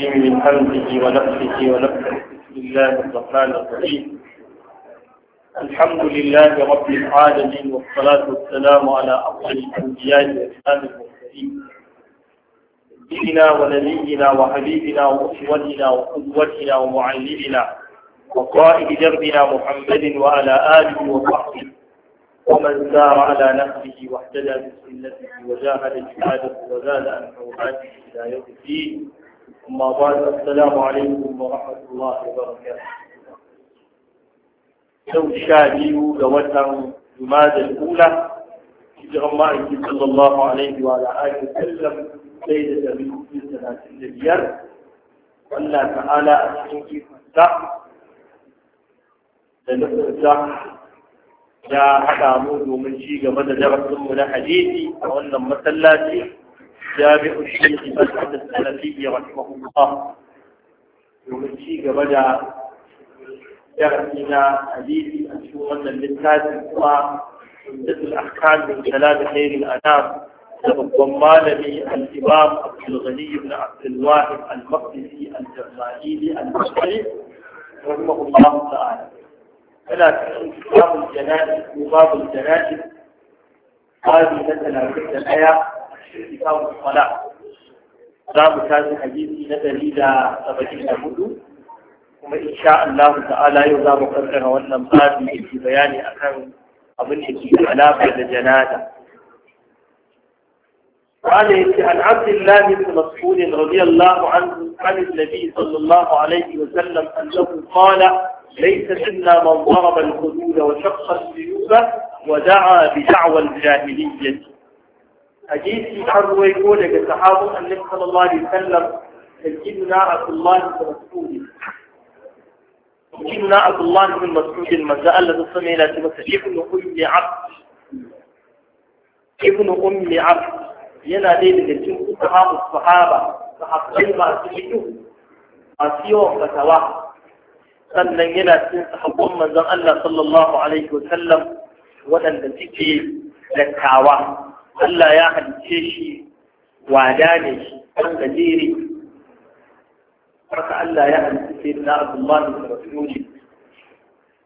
من حمده ونفسه ونفسه بسم الله الرحمن الرحيم الحمد لله رب العالمين والصلاة والسلام على أفضل الأنبياء وإمام المرسلين سيدنا ونبينا وحبيبنا وأسوتنا وقدوتنا ومعلمنا وقائد دربنا محمد وعلى آله وصحبه ومن سار على نهجه واهتدى بسنته وجاهد جهاده وزاد عن حرماته إلى يوم الدين أما بعد السلام عليكم ورحمة الله وبركاته يوم الشعبي لوتر جماد الأولى هجر الله صلى الله عليه وعلى آله وسلم ليلة من كل سنة البيار والله تعالى أسلمك فتح لنفتح يا حدا مود ومن شيء قبل درس من حديثي وأن مسلاتي جامع الشيخ مسعد السلفي رحمه الله يمشي قبل درسنا حديث أشهر للتاسع وعدة الأحكام من كلام خير الأنام ضمان لي الإمام عبد الغني بن عبد الواحد المقدسي الجرمائيلي المصري رحمه الله تعالى فلا كتاب الجنائز وباب الجنائز هذه مثلا في الآية كتاب الصلاة باب تاج حديثي نظري دا سبعين هدو kuma insha Allah ta'ala yau za mu karkara في بيان da ke bayani akan abin da قال عن عبد الله بن مسعود رضي الله عنه عن النبي صلى الله عليه وسلم انه قال ليس منا من ضرب الخدود وشق السيوف ودعا بدعوى الجاهليه hadisi har ruwaiko daga sahabun annabi sallallahu alaihi wasallam sayyidina Abdullah bin Mas'ud sayyidina Abdullah bin Mas'ud manzo Allah ta sami la tibasa ibnu ummi abd ibnu ummi yana dai daga cikin sahabu sahaba sahabbai ba su fito a siyo fatawa sannan yana cikin sahabban manzon Allah sallallahu alaihi wasallam waɗanda suke dattawa Allah ya halice shi wada ne shi ɗan gajere haka Allah ya halice na Abdullahi da Rasuli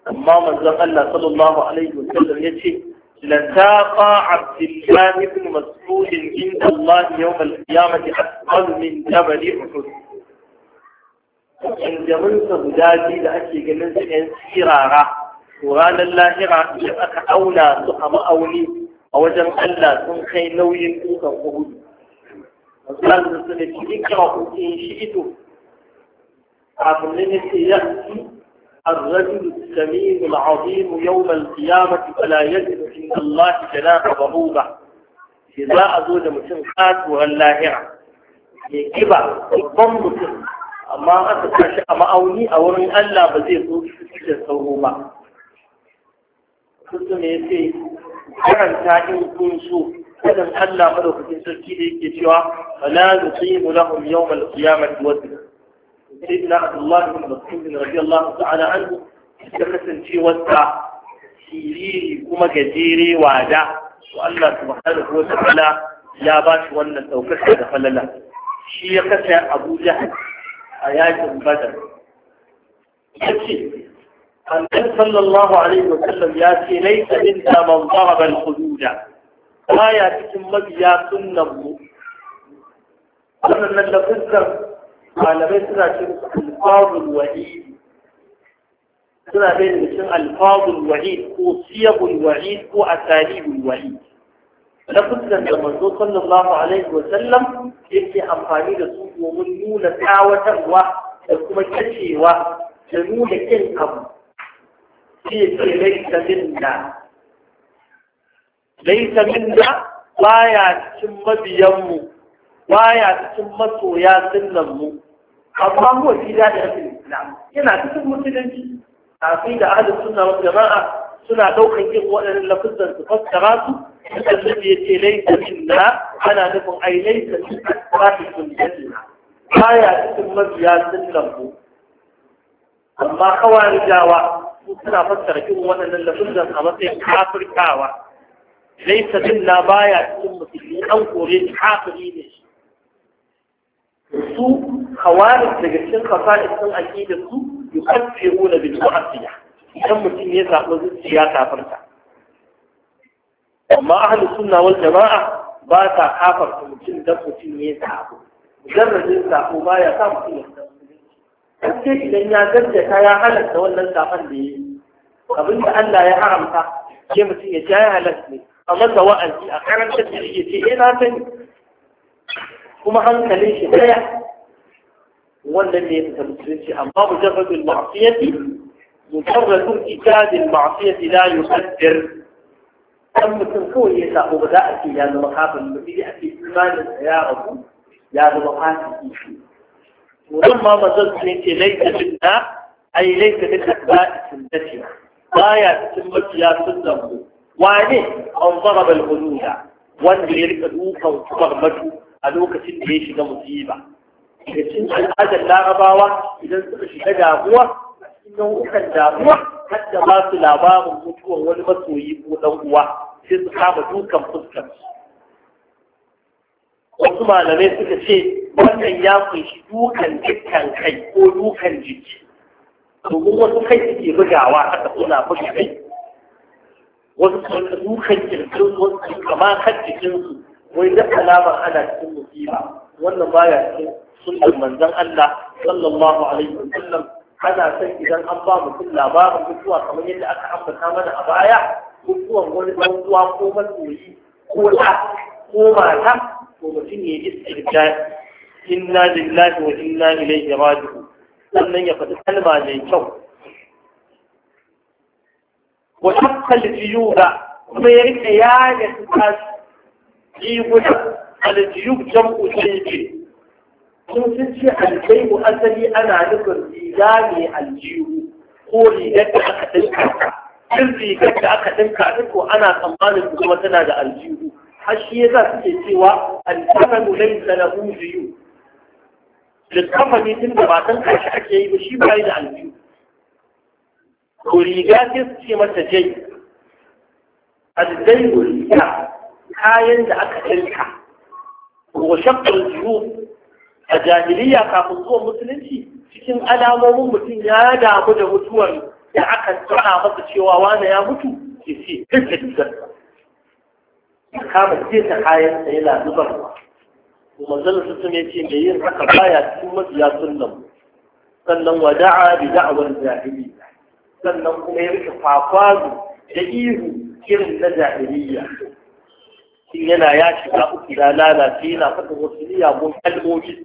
amma manzon Allah sallallahu alaihi wa sallam ya ce لتاقى عبد الله بن مسعود عند الله يوم القيامة أثقل من جبل أحد injaminsa guda biyu da ake ganin su ‘yan sirara, ranar lahira idan aka auna su a ma'auni a wajen Allah sun kai nauyin dukan Uhud. Masu su ne ci ikka hukun shi ito, kafin ne ne ce yanzu an rabi da kami da ma'azimu yau man siyama da cikin Allah shi jana ka babu ba. Ke za a zo da mutum katuwar lahira, ke kiba babban mutum, amma aka kashi a ma'auni a wurin Allah ba zai zo cikin sauro ba. Sussu ne ya karanta in kun so kadan Allah madaukakin sarki da yake cewa fala nuqimu lahum yawm al-qiyamati wazna sayyidina Abdullah ibn Mas'ud radiyallahu ta'ala anhu da kasancewarsa siriri kuma gajere wada to Allah subhanahu wa ta'ala ya ba shi wannan daukar da falala shi ya kasa Abu Jahal a yakin Badar yace أن صلى الله عليه وسلم يأتي ليس منها من ضرب الخدود لا يأتي كمك يا سنة أما من لفزر قال ألفاظ الوعيد سرع بين كم ألفاظ الوعيد هو صيغ الوعيد هو أساليب الوعيد لفزر لما صلى الله عليه وسلم يأتي أمخاني رسول ومنون تعوة وكما تشيوة جنون كل أبو sai ce laisa minna baya cikin mabiyanmu baya cikin masoya sunanmu amma ko shi da da rashin islam yana cikin musulunci kafin da ahlus sunna wal jama'a suna daukan yin waɗannan lafazan su fassara su da ya ce laisa minna ana nufin ai laisa minna ba shi baya cikin mabiya sunanmu amma kawai jawa suna fassara irin waɗannan lafizan a matsayin kafirkawa laisa na baya cikin musulmi an kore shi kafiri ne shi su kawarin daga cikin kafa'is sun da su yukaffiruna bin mu'assiya idan mutum ya zaɓi zuciya kafarta amma ahli sunna wal jama'a ba ta kafarta mutum dan mutum ya zaɓi mujarradin zaɓo baya sa mutum ya zaɓi sai idan ya gaskata ya halatta wannan safan da yi abin da Allah ya haramta ke mutum ya ja ya halatta ne a masa wa'azi a karanta da ya ce ina sani kuma hankalin shi daya wannan ne ya musulunci amma mujarradul ma'siyati mujarradul ijadil ma'siyati la yusaddir dan mutum kawai ya sabo ba za a ce ya zama kafin ba sai a ce imanin ya rabu ya zama fasiki ولما ma manzon sun ce laita da ai laita min asba'i Ba baya cikin mafiya sun mu wane an fara al wanda ya rika dukan kubarmatu a lokacin da ya shiga musiba da cin al'adar larabawa idan suka shiga damuwa a cikin nau'ukan damuwa hadda ba su labarin mutuwar wani masoyi ko ɗan uwa sai su kama dukan fuskar wasu malamai suka ce wannan ya kunshi dukan dukkan kai ko dukan jiki domin wasu kai suke bugawa haka suna buga kai wasu suna dukan kirkin wasu kama kan jikinsu wai da alamar ana cikin musiba wannan baya cikin sunan manzon Allah sallallahu alaihi wa sallam ana san idan an ba mutum labarin mutuwa kamar yadda aka ambata mana a baya mutuwan wani ɗan uwa ko masoyi ko ɗa ko mata to mutum ya yi istirja inna lillahi wa inna ilaihi raji'un sannan ya faɗi kalma mai kyau wa shakkal jiyuba kuma ya rika yaya tukas jiguna aljiyub jam'u shaybi sun sun ce aljayu asali ana nufin riga ne aljiyu ko rigar da aka ɗinka in rigar da aka ɗinka ɗin ko ana tsammanin kuma tana da aljihu حشيدة سوى الكفن ليس له ديون للكفن يتم بعدين كاش حكي بشي بعيد عن ديون كوريجات في متجي الدين والكا حاين لأكل الكا وشق الديون الجاهلية كافضوا مسلمتي cikin alamomin mutum ya damu da mutuwar da aka tsara masa cewa wani ya mutu ke ce duk da ya kama ta kayan sa yana zubarwa zan su sun mai yin haka baya cikin mabiya sunnan sannan wada'a bi da'awar jahili sannan kuma ya rika fafazu da ihu irin na jahiliya shin yana ya shiga uku da lalace yana faɗin wasu miyagun kalmomi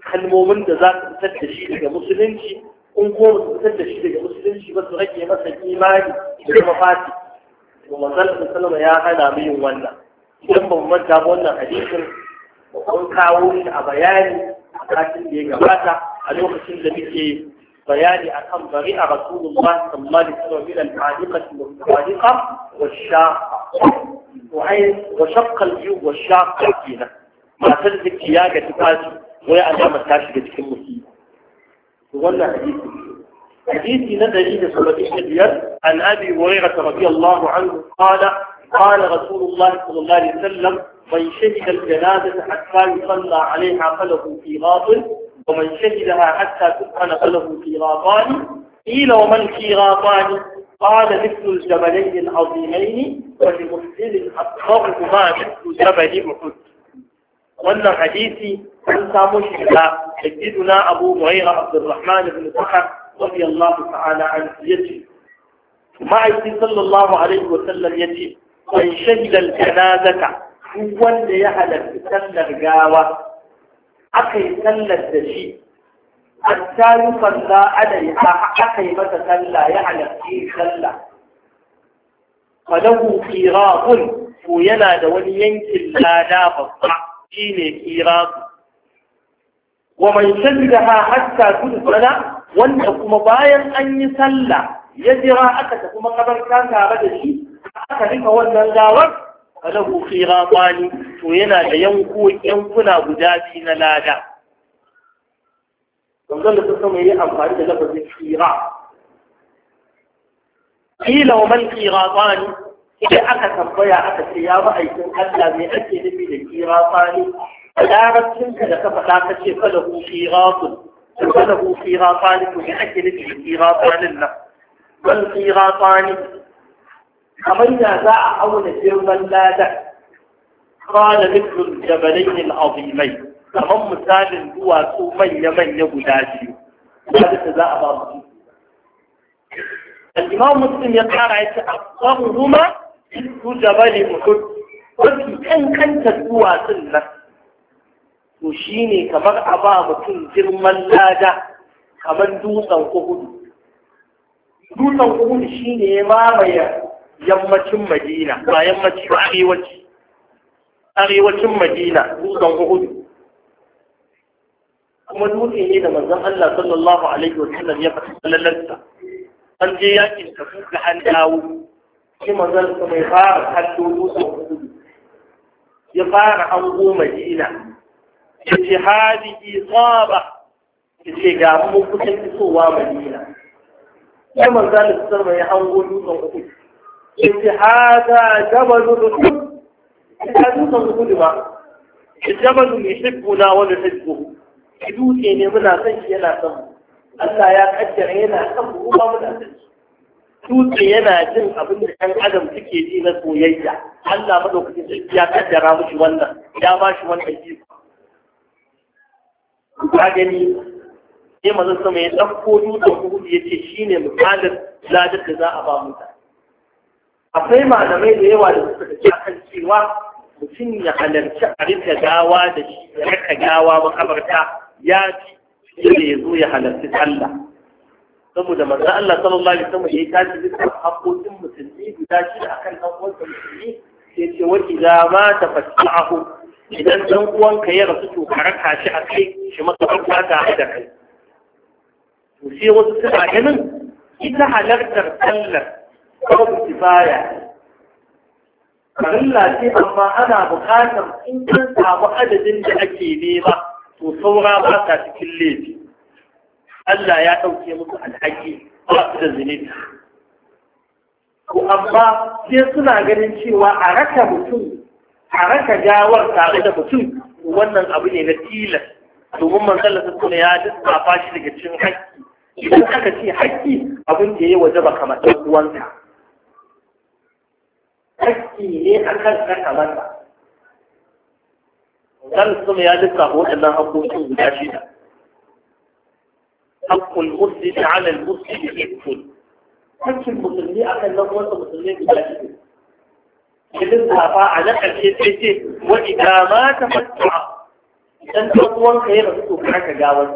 kalmomin da za su fitar da shi daga musulunci in ko su fitar da shi daga musulunci ba su rage masa imani da kuma fatih to manzon sallama ya hana mu wannan idan ba mu manta wannan hadisin mun kawo shi a bayani a katin da ya gabata a lokacin da muke bayani akan bari a rasulullah sallallahu alaihi wasallam min al-hadiqati al-mutawadiqa wa shaqa wa ay wa shaqqa al-ju wa shaqa kina matar da ya ga tufafi wai an ta shiga cikin musibi wannan hadisi حديث نبري لسورة النبيان عن أبي هريرة رضي الله عنه قال قال رسول الله صلى الله عليه وسلم من شهد الجنازة حتى يصلى عليها فله في قيراط ومن شهدها حتى تبحن فله في غاطان قيل وما غاطان قال مثل الجبلين العظيمين ولمسلم أكبرهما مثل جبل أحد وأن حديثي an samu shi أبو sayyiduna عبد الرحمن بن ibn رضي الله تعالى عنه يتي ما عيسي صلى الله عليه وسلم يتي من شهد الجنازة هو اللي يهد السنة الجاوة أخي سنة الدشي حتى يصلى عليه أخي متى سنة يعلم في سنة فله خيراط فينا دون ينكل لا داب الصحيح إيراط ومن شهدها حتى كل سنة wanda kuma bayan an yi sallah ya jira aka tafi makabarta tare da shi aka rika wannan gawar falahu qiratani to yana da yanko yankuna guda biyu na lada gangan da ta sama yi amfani da lafazin qira qila wa mal qiratani idan aka tambaya aka ce ya ma'aikin Allah me ake nufi da qiratani a larabcin ka da ka faɗa ka ce falahu qiratun فله قيراطان لأجل القيراطان له والقيراطان كما ذا زاع حول جرما قال مثل الجبلين العظيمين كما مثال هو سومي من يبداجي هذا ذا بعضه الإمام مسلم يقرع أكثرهما مثل جبل أحد وفي كان كنت الدواء سنة to shi ne kamar a ba mutum girman lada kamar dutsen uhudu dutsen uhudu shi ne ya mamaye yammacin madina ba yammacin arewaci arewacin madina dutsen uhudu kuma dutse ne da manzon Allah sallallahu alaihi wa sallam ya faɗi sallalarsa an je yakin ta ga an dawo shi manzon mai fara kallo dutsen uhudu ya fara an goma madina ya ce hadi isaba ce ga mu kusan isowa madina sai manzo Allah sallama ya hango dutsen uku ya ce hada jabalu dutsen ya dutsen uku ba wanda ta wa Ki dutse ne muna son shi yana son Allah ya kaddara yana son mu kuma muna son dutse yana jin abin da ɗan adam suke ji na soyayya Allah madaukakin ya kaddara mushi wannan ya ba shi wannan iko ka gani sai manzo sama ya ɗauko dutsen Uhud ya ce shine misalin ladar da za a ba mutane akwai malamai da yawa da suka tafi akan cewa mutum ya halarci a rika gawa da shi ya rika gawa makabarta ya ci fiye da ya zo ya halarci Allah. saboda manzo Allah sallallahu alaihi wasallam yayi tashi hakkokin mutum ne guda shi akan dan mutum ne sai ce wa idza ma tafassahu idan dan uwanka ya rasu to ka raka shi a kai shi maka barka da da kai to sai wasu suna ganin ita halartar sallar babu kifaya farilla ce amma ana buƙatar in kan samu adadin da ake nema to saura ba cikin laifi Allah ya ɗauke musu alhaki ba su da zunubi ko amma sai suna ganin cewa a raka mutum tare da gawar tare da mutum wannan abu ne na tilas domin manzon Allah sun ya lissafa shi daga cikin haƙƙi idan aka ce haƙƙi abin da ya wajaba kamar ɗan uwanka haƙƙi ne a kan ka kamar manzon Allah ya lissafa waɗannan haƙƙoƙin guda shida حق المسلم على المسلم يكفل حق المسلمين على النبوة المسلمين بلا شيء idan safa a na ƙarshe sai ce wani dama ta fatuwa idan ɗan uwanka ya rasu to ka gawar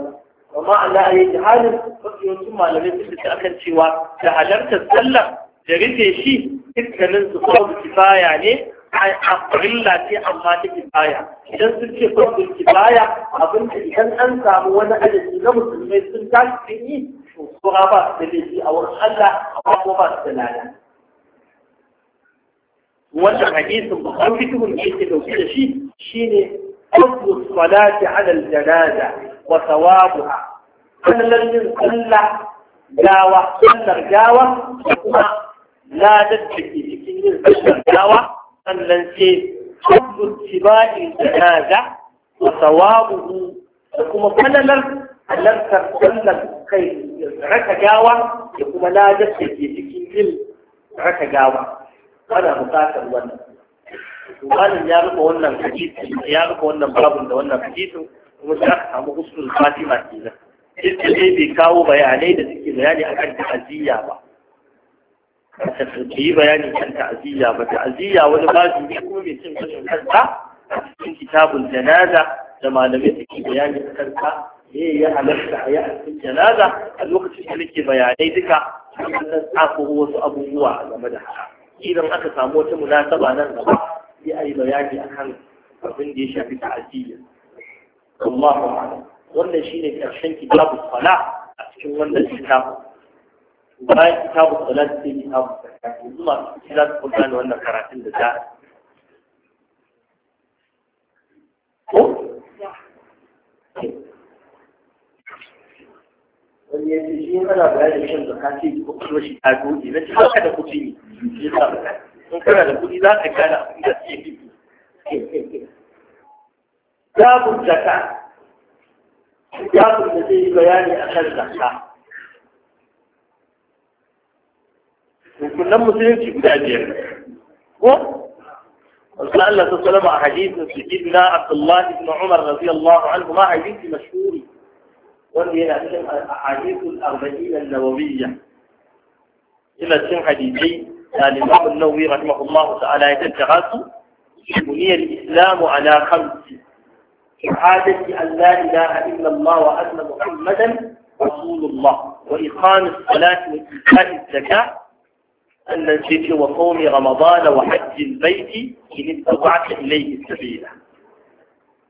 amma Allah a yi halin mafiyancin malamai sun fita akan cewa da halartar sallar da rufe shi dukkanin su fardu kifaya ne a farilla ce amma ta kifaya idan sun ce fardu kifaya abinda idan an samu wani adadi na musulmai sun tashi sun yi to ba su da laifi a wurin Allah amma kuma ba su da lada wannan hadisin babban fikihun da yake dauke da shi shine fadlu salati ala al-janaza wa thawabuha sallar yin sallah gawa sallar gawa da kuma ladar da ke cikin yin sallar gawa sannan sai fadlu tiba'in janaza wa thawabuhu kuma falalar halartar sallar kai raka gawa da kuma ladar da ke cikin yin raka gawa mu kasar wannan Malam ya rufe wannan hadisi ya rufe wannan babun da wannan hadisin kuma sai aka samu husnul fatima kenan duk da dai bai kawo bayanai da suke bayani akan ta'aziyya ba ta yi bayani kan ta'aziyya ba ta'aziyya wani babu ne kuma mai cin kashin kanta a cikin kitabun janaza da malamai suke bayani a kanta ne ya halarta a yi a cikin janaza a lokacin da nake bayanai duka sun tsakuro wasu abubuwa game da haka idan aka samu wata munasaba nan gaba sai ayi yi bayani akan abin da ya shafi ta'aziyya Allahu a'lam wannan shine karshen kitabu sala a cikin wannan kitabu bayan kitabu sala sai kitabu zakka kuma shi za ku gane wannan karatun da za ko ولكن يجب ان يكون هناك افضل من اجل ان يكون هناك افضل من اجل ان يكون هناك افضل من اجل ان يكون هناك افضل من اجل ان يكون هناك افضل من اجل ان يكون هناك افضل من اجل ان يكون هناك افضل من اجل ان يكون هناك افضل من ان يكون ان يكون ان يكون ان يكون ان يكون ان يكون ان يكون ان يكون ان يكون ان يكون ان يكون ان يكون ان يكون ان يكون ان يكون ان يكون ان يكون ان يكون ان وليلاتهم الأحاديث الأربعين النووية إلى سن حديثي الإمام النووي رحمه الله تعالى يتجرس بني الإسلام على خمس شهادة أن لا إله إلا الله وأن محمدا رسول الله وإقام الصلاة وإيتاء الزكاة أن النسيت وصوم رمضان وحج البيت إن استطعت إليه السبيل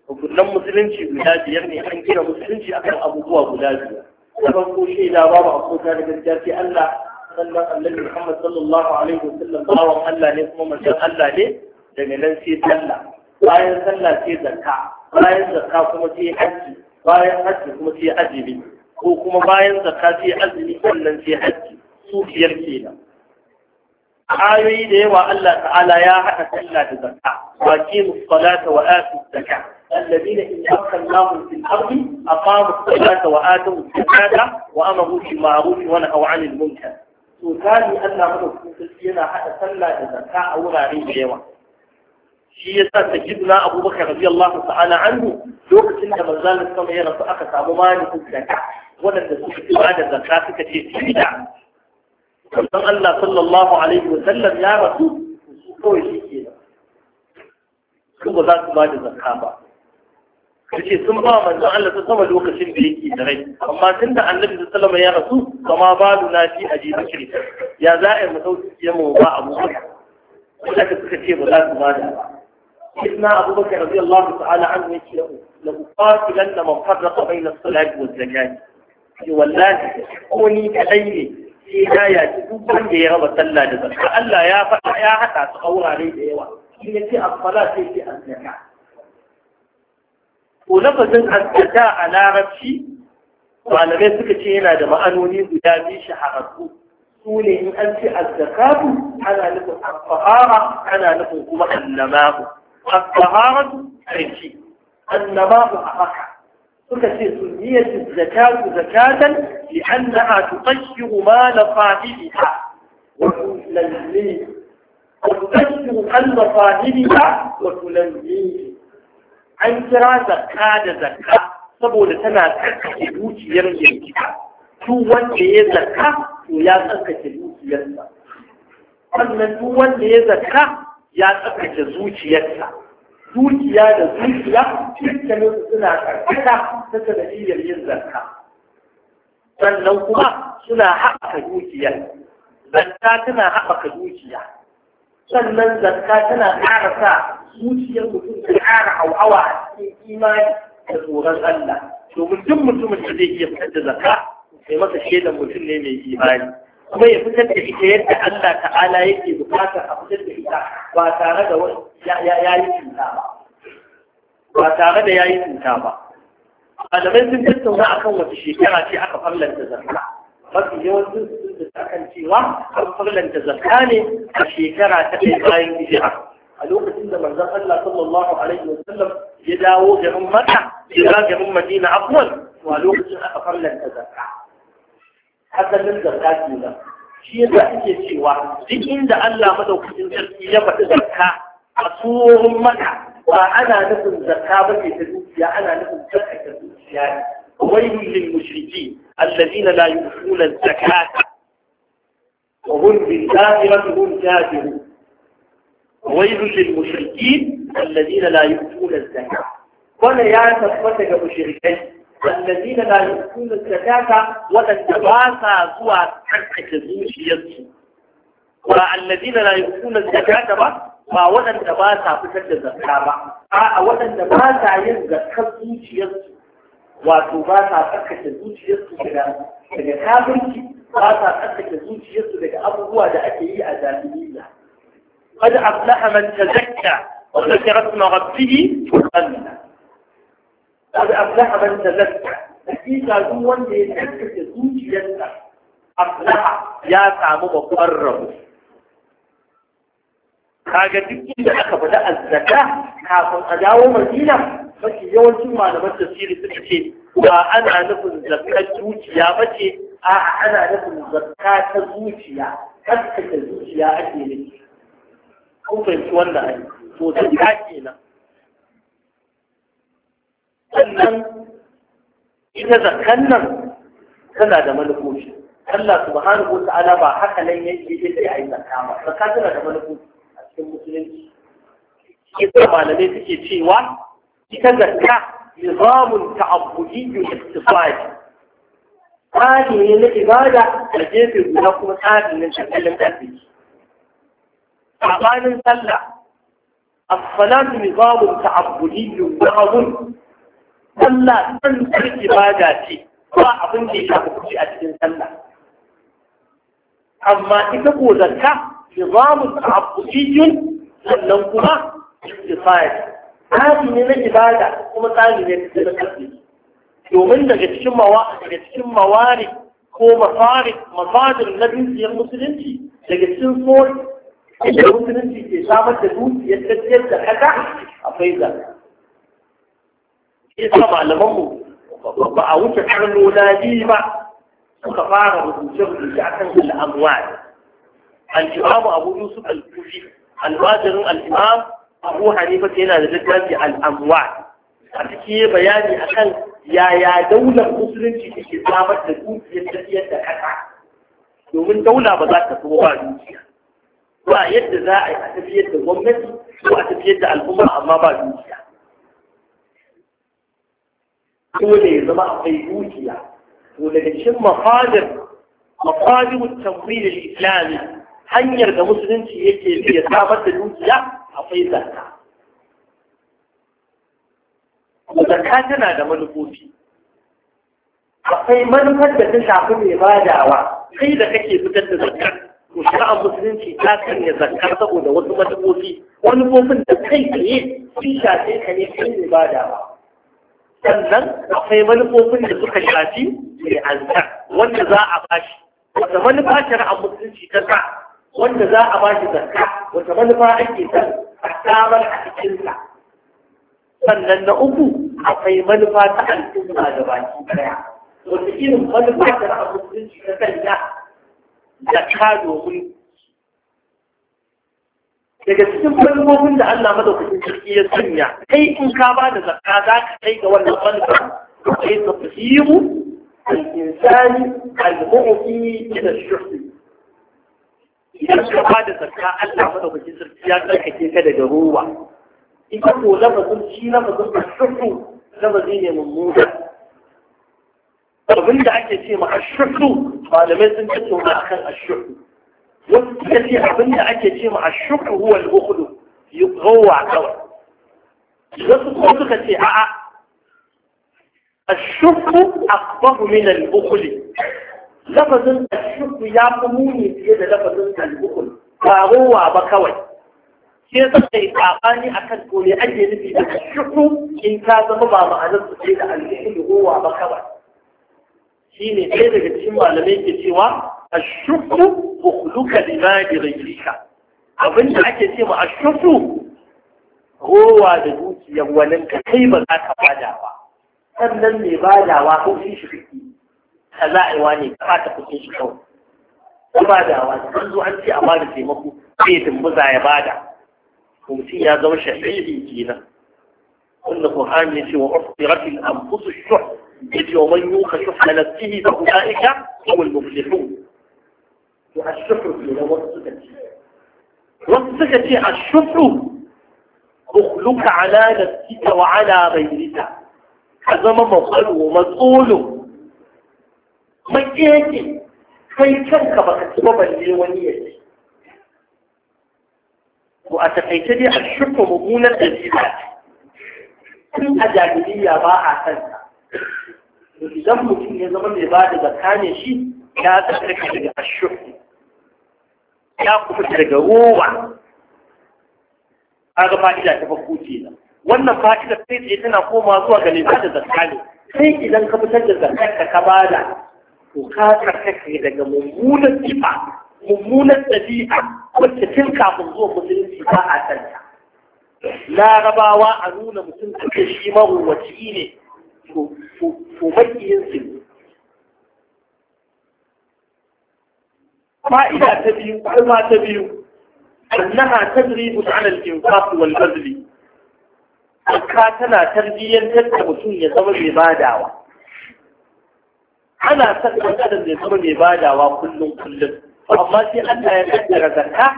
rukunan musulunci guda biyar ne an gina musulunci akan abubuwa guda biyu. na farko shaida babu abota da gaskiya sai Allah sannan annabi Muhammad sallallahu alaihi wa sallam, bawan Allah ne kuma manzon Allah ne daga nan sai sallah bayan sallah sai zakka bayan zakka kuma sai hajji bayan hajji kuma sai azumi ko kuma bayan zakka sai azumi sannan sai hajji su biyar kenan ayoyi da yawa Allah ta'ala ya haɗa sallah da zakka wa qimus salata wa atuz zakata الذين إن أرسلناهم في الأرض أقاموا الصلاة وآتوا الزكاة وأمروا بالمعروف ونهوا عن المنكر وثاني أن من يستطيعنا حتى صلى الزكاة أو غير جيوة shi ya sa sajiduna abubakar radiyallahu ta'ala anhu lokacin da manzalin sama ya rasu aka samu malikun zakka waɗanda suka fi da zakka suka ce tida sannan Allah sallallahu alaihi wa sallam ya rasu su kawai shi ke nan su ba za su ba da zakka ba kace sun ba manzon Allah ta sama lokacin da yake da rai amma tunda annabi sallallahu alaihi ya rasu kama balu na fi aji bikri ya za a yi mu sauki ya mu ba abu kuma ka suka ce ba za su ba da سيدنا أبو بكر رضي الله تعالى عنه لأقاتلن من فرق بين الصلاة والزكاة والله كوني كأيني في آية تكون يا رب صلى الله عليه وسلم يا فتح يا حتى تقول عليه إيوه إن في الصلاة في الزكاة ولفظن أستتاع على ربشي وعلى ما سكتي هنا دماء نوني بلادي شحرقه سوني إن أنت الزكاب أنا لكم الطهارة أنا لكم قم النماغ الطهارة أنتي النماغ أحرك سكتي سنية الزكاة زكاة لأنها تطير مال صاحبها وتلنيه وتكسر قلب صاحبها وتلنيه an kira zakka da zakka saboda tana tsarkake dukiyar mai gida duk wanda ya zakka to ya tsarkake dukiyarsa wannan duk wanda ya zakka ya tsarkake zuciyarsa zuciya da zuciya dukkanin su suna karkata ta sanadiyyar yin zakka sannan kuma suna haɓaka dukiyar zakka tana haɓaka dukiya sannan zakka tana ƙara sa zuciyar mutum ta ƙara hauhawa a cikin imani da tsoron Allah domin duk mutumin da zai iya fitar da zakka sai masa shaidan mutum ne mai imani kuma ya fitar da ita yadda Allah ta'ala yake bukatar a fitar da ita ba tare da ya yi cuta ba ba tare da ya yi cuta ba malamai sun tattauna akan wata shekara ce aka farlanta zakka mafi yawancin sun da akan cewa an farlanta zakka ne a shekara ta ɗaya bayan hijira a lokacin da manzon Allah sallallahu alaihi wa sallam ya dawo garin Makka ya garin Madina afwan to a lokacin aka farlanta zakka asalin zakka kenan shi yasa ake cewa duk inda Allah madaukakin sarki ya faɗi zakka a tsohon Makka ba ana nufin zakka ba ce ta dukiya ana nufin zakka ta dukiya ne ويل للمشركين الذين لا يؤتون الزكاة وهم بالآخرة هم كافرون ويل للمشركين الذين لا يؤتون الزكاة قال يا تصفتك مشركين الذين لا يؤتون الزكاة ولا التباسى هو حق تزوج يدسو والذين لا يؤتون الزكاة ما ما ولا التباسى بسجد الزكاة آه، ولا التباسى يزد خزوج يدسو وتباسى حق تزوج يدسو كلامه كان يخابرك تباسى حق تزوج يدسو لك أبو هو ده أكيه أزامي الله قد أفلح من تزكى وذكر اسم ربه فأمنى قد أفلح من تزكى نسيت دون يتزكى تزوج يسعى أفلح يا سامو مقرب كاجا دكتور أخا بدأ الزكاة كافن أداو مدينة فكي يوم جمعة لمدة سيري سكتي وأنا نفذ زكاة توتيا فكي أنا نفذ زكاة توتيا فكي توتيا أدي لكي kun fahimci wannan ai to da ka kenan sannan ita zakan nan tana da manufofi Allah subhanahu wa ta'ala ba haka nan yake yake a yi zakka ba zakka tana da manufofi a cikin musulunci yasa malamai suke cewa ita zakka nizamun ta'abbudiyyu iktisadi tsari ne na ibada da gefe guda kuma tsari ne na tattalin arziki sabanin sallah as-salatu nizabun babu nahawun sallah san sarki ibada ce ba abin da ya shafi kuɗi a cikin sallah amma ita ko zakka nizamun ta'abbudiyyun sannan kuma istifaya tsari ne na ibada kuma tsari ne na ƙarfi domin daga cikin mawa daga cikin mawari ko mafarin, mafadir na dukiyar musulunci daga cikin sori inda musulunci ke samar da dukiyar tafiyar da a akwai zaka sa malamanmu ba a wuce karno na biyu ba suka fara rubuce-rubuce a kan al'amwal Al'imamu abu yusuf al-kufi almajirin al'imam abu hanifa yana da littafi al'amuwa. a cikin bayani a kan yaya daular musulunci ke samar da dukiyar tafiyar da kasa domin daula ba za ta zo ba dukiya ba yadda za a yi a tafiyar da gwamnati ko a tafiyar da al'umma amma ba dukiya dole ya zama akwai dukiya ko daga cikin mafadar mafadar tambayar islami hanyar da musulunci yake bi ya samar da dukiya akwai zakka zakka tana da manufofi akwai manufar da ta shafi mai badawa kai da kake fitar da zakkar to shari'ar musulunci ta sanya zakka saboda wasu manufofi manufofin da kai tsaye sun shafe ka ne kai ibada ba sannan akwai manufofin da suka shafi mai azkar wanda za a bashi wata manufa shari'ar musulunci ta sa wanda za a bashi zakka wata manufa ake son a samar a cikinsa sannan na uku akwai manufa ta al'umma da baki daya wata irin manufa shari'ar musulunci ta sanya zakka domin daga cikin kalmomin da Allah madaukakin sarki ya sanya kai in ka ba da zakka za ka kai ga wannan ɓangaren kai tafsiru al-insani sani, muti ila shuhri idan ka ba da zakka Allah madaukakin sarki ya tsarkake ka daga ruwa ita ko lafazin shi lafazin shuhri zai ne mummuna فبين دعك يسيما الشكر قال ما زنجته ناخر الشكر والتكتي بين دعك يسيما الشكر هو الأخذ يبغوع قوي غصبه كتي الشكر أقبه من الأخذ لفظ الشكر يا مموني بيد لفظ البخل فغوع بقوي كيف تقي أعاني أكد كوني أجل في الشكر إن كان مضى معنى البخل الأخذ هو بقوي shi ne ɗaya daga cikin malamai ke cewa a shuku bukhluka da ghayrika abin da ake ce ma a shuku rowa da dukiyar wani ka kai ba za ka bada ba sannan mai badawa ko shi shi kake ka za a yi wani ka ta shi kawai ko badawa sun zo an ce a da taimako sai dumbuza ya bada mutum ya zama shahidi kenan wanda Qur'ani ya ce wa ukhtirat al-anfus إذ ومن يوخ شح نفسه فأولئك هم المفلحون والشحر في لوص سكتي وص سكتي الشحر على نفسك وعلى غيرك هذا ما مقال ومسؤوله ما يجي kai kanka baka ci ba balle wani ya ce ko a takaice idan mutum ya zama mai ba da zakka ne shi ya tsarki daga ashuhu ya kuma daga a ga fa'ida ta farko kenan wannan fa'ida sai tsaye tana koma zuwa ga lissa da zakka ne sai idan ka fitar da zakkar ka ka da to ka tsarkake daga mummunan sifa mummunan ɗabi'a wacce tun kafin zuwa musulunci ba a santa larabawa a nuna mutum kake shi maruwaci ne فميز ما إذا تبيو ما تبيو أنها تجري عن الإنفاق والبذل وكاتنا تنجيا تتبع سنية زمن إبادة أنا سنة سنة زمن إبادة وكل كل أما في أن يتجر زكاة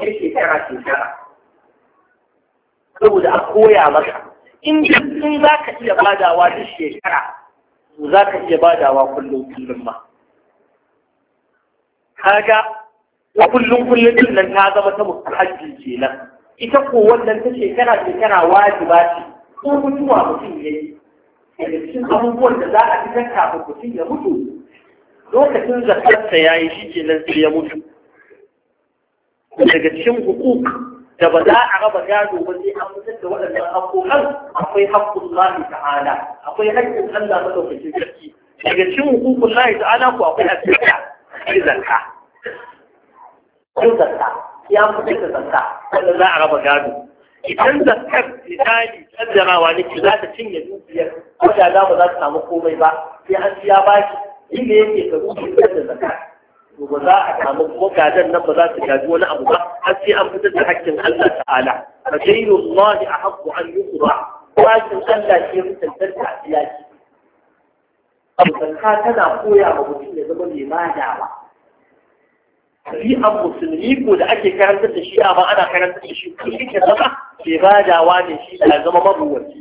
يشي كرة سنة لو أخويا مكان in za ka iya badawa da shekara za ka iya badawa kullum kullum ma kaga wa kullum kullum din nan ta zama ta hajji kenan ita ko wannan ta shekara shekara wajiba ce ko mutuwa mutum ya yi daga cikin abubuwan da za a fitar ba mutum ya mutu lokacin zafarsa ya yi shi kenan sai ya mutu daga cikin hukuk da ba za a raba gado ba sai an fitar da waɗannan haƙoƙan akwai haƙƙun Allah ta'ala akwai haƙƙin Allah madaukakin sarki daga cin hukukun Allah ta'ala ko akwai haƙƙin akwai ko zakka ya fitar da zanka wanda za a raba gado idan zakkar misali kaddarawa ne ki za ta cinye dukiyar ko da za ba za ta samu komai ba sai an siya baki inda yake ka rubuta da zakar to ba za a samu ko gadan nan ba za su gaji wani abu ba har sai an fitar da haƙƙin Allah ta'ala fa dinu Allah ahqqu an yuqra wakin Allah ke mutantar ta yaki abu ka tana koya ma mutum ya zama limana ba ɗabi'ar musulmi ko da ake karantar da shi amma ana karantar da shi ko shi ke zama ke badawa ne shi da zama mabuwanci.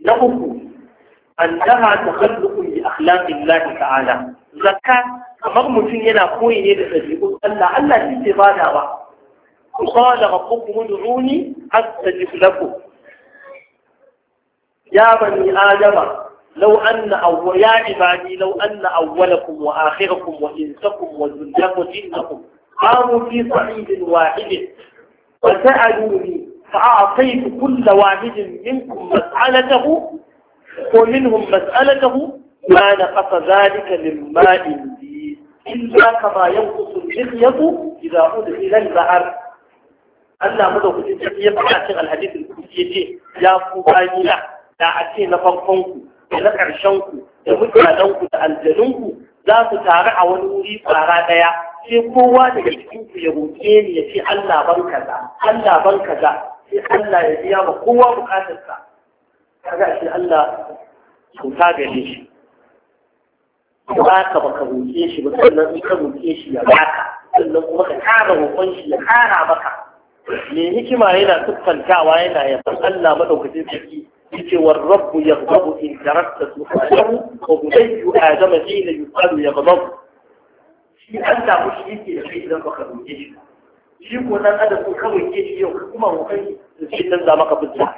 Na uku, أنها تخلق لأخلاق الله تعالى زكاة أمر مثينا أخوي إلى ذلك الله ألا تنتظى وقال ربكم ادعوني أستجب لكم يا بني آدم لو أن أول يا عبادي لو أن أولكم وآخركم وإنسكم وزنكم وجنكم قاموا في صعيد واحد وسألوني فأعطيت كل واحد منكم مسألته ko minhum mas'alatahu ma naqasa zalika mimma indi illa kama yanqusu al-mikhyatu idha udkhila al-bahr Allah madaukakin sarki ya faɗa cin alhadith al-qudsi ce. ya ku bayina da a ce na farkon ku da na ƙarshen ku da mutanenku da aljanun ku za su taru a wani wuri fara ɗaya sai kowa daga cikin ku ya roƙe ni ya ce Allah ban kaza Allah ban kaza sai Allah ya biya ma kowa bukatarsa kaga shi Allah cuta gare shi ba ka ba ka roƙe shi ba sannan in ka roƙe shi ya baka sannan kuma ka kara roƙon shi ya kara maka me hikima yana tuffantawa yana yaban Allah madaukakin sarki yace war rabbu yaghdabu in tarakta su'alahu wa budayyu adama hina yuqalu yaghdabu shi Allah ku shi yake da kai idan baka roƙe shi shi ko dan adam ko kawai ke shi yau kuma kai shi sai nan za maka fitta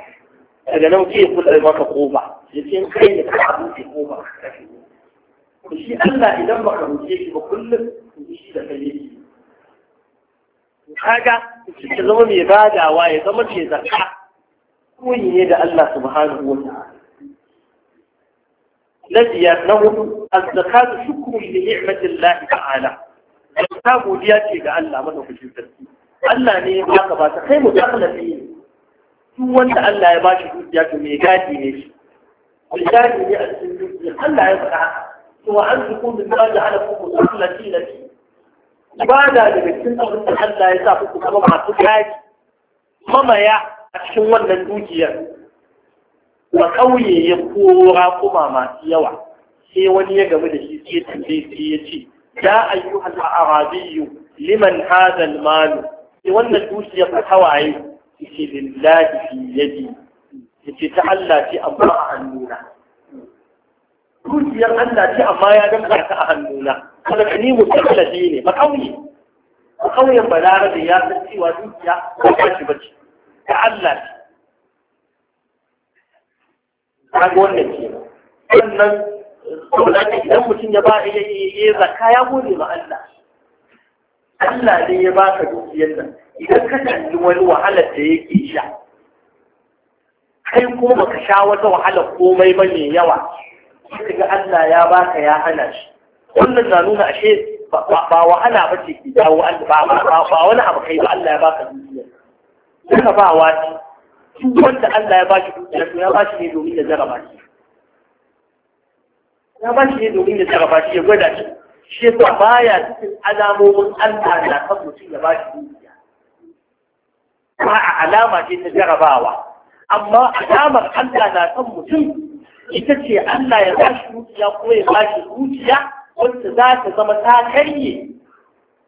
daga nan ke kula maka koma jikin kai ne ka abinci koma ku shi Allah idan baka rubuce shi ba kullum ku shi da kai yake kaga shi zama mai badawa ya zama ce zakka koyi ne da Allah subhanahu wa ta'ala نبيا نهض الزكاة شكر لنعمة الله تعالى الزكاة مولياتي لألا من هو في الجنة ألا نيم kai mu مدخلة فيه duk wanda Allah ya bashi dukiya to mai gadi ne shi mai gadi ne a cikin dukiya Allah ya faɗa to wa an su kun da ta ala ku sallati lati ibada daga cikin abin da Allah ya sa ku zama masu gadi mamaya a cikin wannan dukiyar wa kauye ya kora kuma masu yawa sai wani ya gamu da shi sai tambaye sai ya ce ya ayyuhal arabiyyu liman hadha al-mal wannan dukiyar ta waye إسر الله في يدي يتتعلى في أمرا أهنونا كل يرى أن يكون هناك يدم غيرت أهنونا قال كني متقل ديني مقوي مقوي بلار ديار نفسي وزوجيا وقاش بجي تعلى أقول لك أن ولكن لم يكن يبا يزكى يقول له الله الله ليبا تدوك ينزل idan ka tanki wani wahalar da yake sha kai kuma baka sha wata wahalar komai ba mai yawa sai ga Allah ya baka ya hana shi wannan na nuna ashe ba wahala ba ce ki dawo ba wani abu kai ba Allah ya baka dukiya duka ba wani duk wanda Allah ya bashi dukiya to ya bashi ne domin ya jaraba shi ya bashi ne domin ya jaraba shi ya gwada shi shi ba baya cikin alamomin Allah na kan mutum ya bashi dukiya a alama ce ta jarabawa amma alamar Allah na kan mutum ita ce Allah ya ba shi zuciya ko ya ba shi zuciya wacce za ta zama ta karye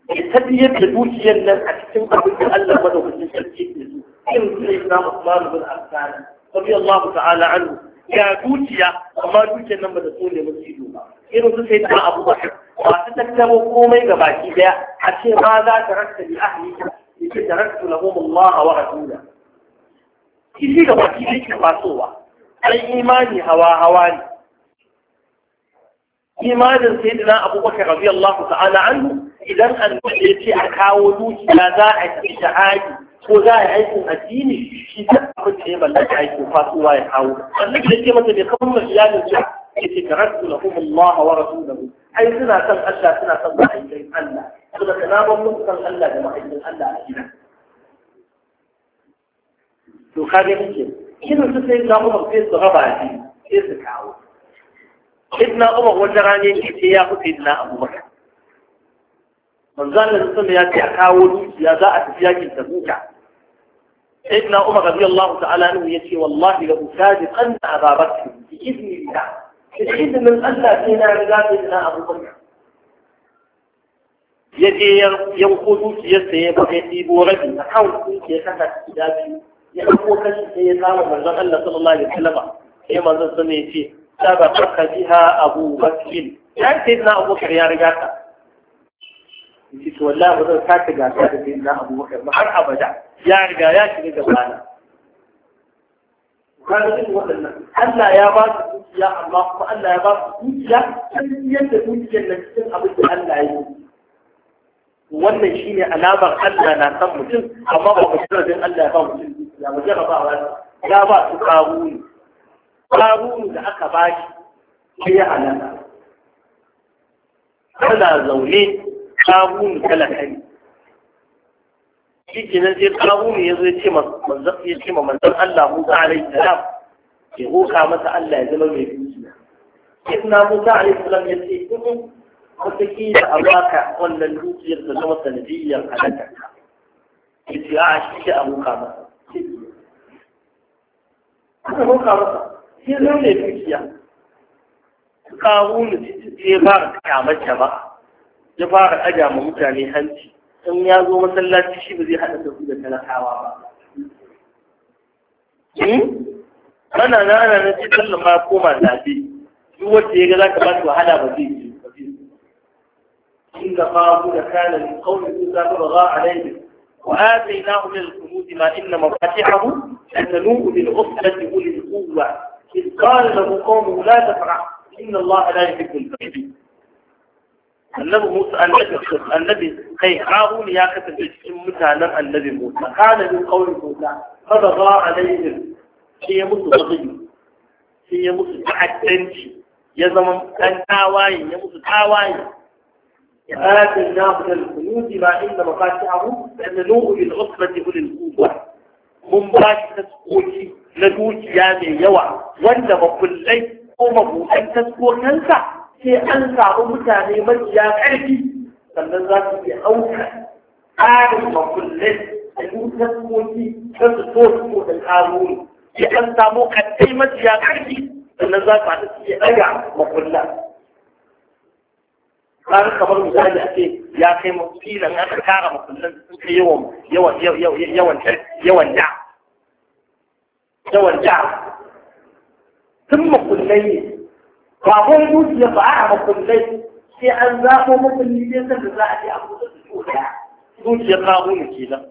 ya tafiyar da zuciyar nan a cikin abin da Allah madaukakin sarki ke so irin sai na Usman bin Affan radiyallahu ta'ala anhu ya zuciya amma zuciyar nan ba ta so ne ba irin su sai ta Abu Bakar ba ta tattaro komai baki daya a ce ma za ta rasta bi ahli yake taraktu lahum allaha wa rasula kishi ga baki yake fasowa ai imani hawa hawa ne imanin sayyidina abubakar radiyallahu ta'ala anhu idan annabi ya ce a kawo dukiya za a yi shahadi ko za a yi aikin addini shi ta abin da ya mallaka aikin fasuwa ya kawo annabi da ke masa bai kawo mai iyalin su ya ce karatu lahum Allah wa rasulahu ai suna san Allah suna son ma'aikin Allah هذا كلام مطلق الا بما ان الا اكيد تو خاجه نجي كنا نسوي لابو في الغابه دي كيف تكاو ابن عمر وجراني في يا اخي ابن ابو بكر من قال له ثم يا تي اكاو يا ذا اتياك انت بوكا رضي الله تعالى عنه يتي والله لو صادق انت ابا بكر باذن الله تشهد الله فينا ya je yanko dukiyarsa ya baka ɗibo rabi a kan ya kasa gida biyu ya ɗauko kashi sai ya samu manzon Allah sallallahu alaihi wasallam sai manzon sun ne ce saba baka biha Abu Bakr dan sai na Abu Bakr ya riga ka shi to wallahi ba zan sake gasa da sai na Abu Bakr ba har abada ya riga ya shiga gabana kana jin waɗannan Allah ya ba su dukiya amma kuma Allah ya ba su dukiya sai yadda dukiyar da cikin abin da Allah ya yi wannan shi ne alamar Allah na san mutum amma ba ku sharadin Allah ya ba mutum ya mu wani ya ba su karuni karuni da aka ba shi sai ya alama kana zaune karuni talaka ne shi nan sai karuni ya zo ya ce manzon ya ce manzon Allah Musa alaihi salam ya roka masa Allah ya zama mai dukiya Ibn Musa alaihi salam ya ce wataƙila a baka wannan dukiyar da zama sanadiyyar halakar ka ki ce a shi da abuka masa aka roka masa sai zai ne dukiya kawo mu ya fara kyamata ba ya fara aja ma mutane hanci in ya zo masallaci shi ba zai haɗa da su da talakawa ba hmm? ana na ana na ce kallon ma koma zaɓe duk wanda ya ga za ka ba su wahala ba zai yi إن قارون كان من قول موسى فبغى عليه وآتيناه من الكنوز ما إن مفاتحه لتنوء بالعصبة أولي القوة إذ قال له قومه لا تفرح إن الله لا يحب الفرحين النبي موسى النبي خير هارون يا قتل موسى نم النبي موسى كان من قول موسى فبغى عليهم شيء مصر صغير هي مصر تحت تنجي يزمن تنتاواي يمصر تاواي يقات الناظر الخيوط ما عند مفاتعه لأن نوء للعصرة يقول القوة مباشرة تسقوشي لدوشي يا من يوع وانا بقول لي أمبو أن تسقو ننسى في أنسى أمتا نيمان يا عرفي فلن ذات في أوكا أعلم آه، بقول لي أن تسقوشي تسقوشي الآمون في أنسى موقع أيمان يا عرفي فلن ذات في أجع بقول لي kaga kamar misali a ce ya kai mu filan aka tara musulman sun kai yawan yawan yawan yawan da yawan da sun makullai ne ba kun zuciya ba a makullai sai an zaɓo makulli ne san da za a je a kusa da su daya zuciyar kawo ne kenan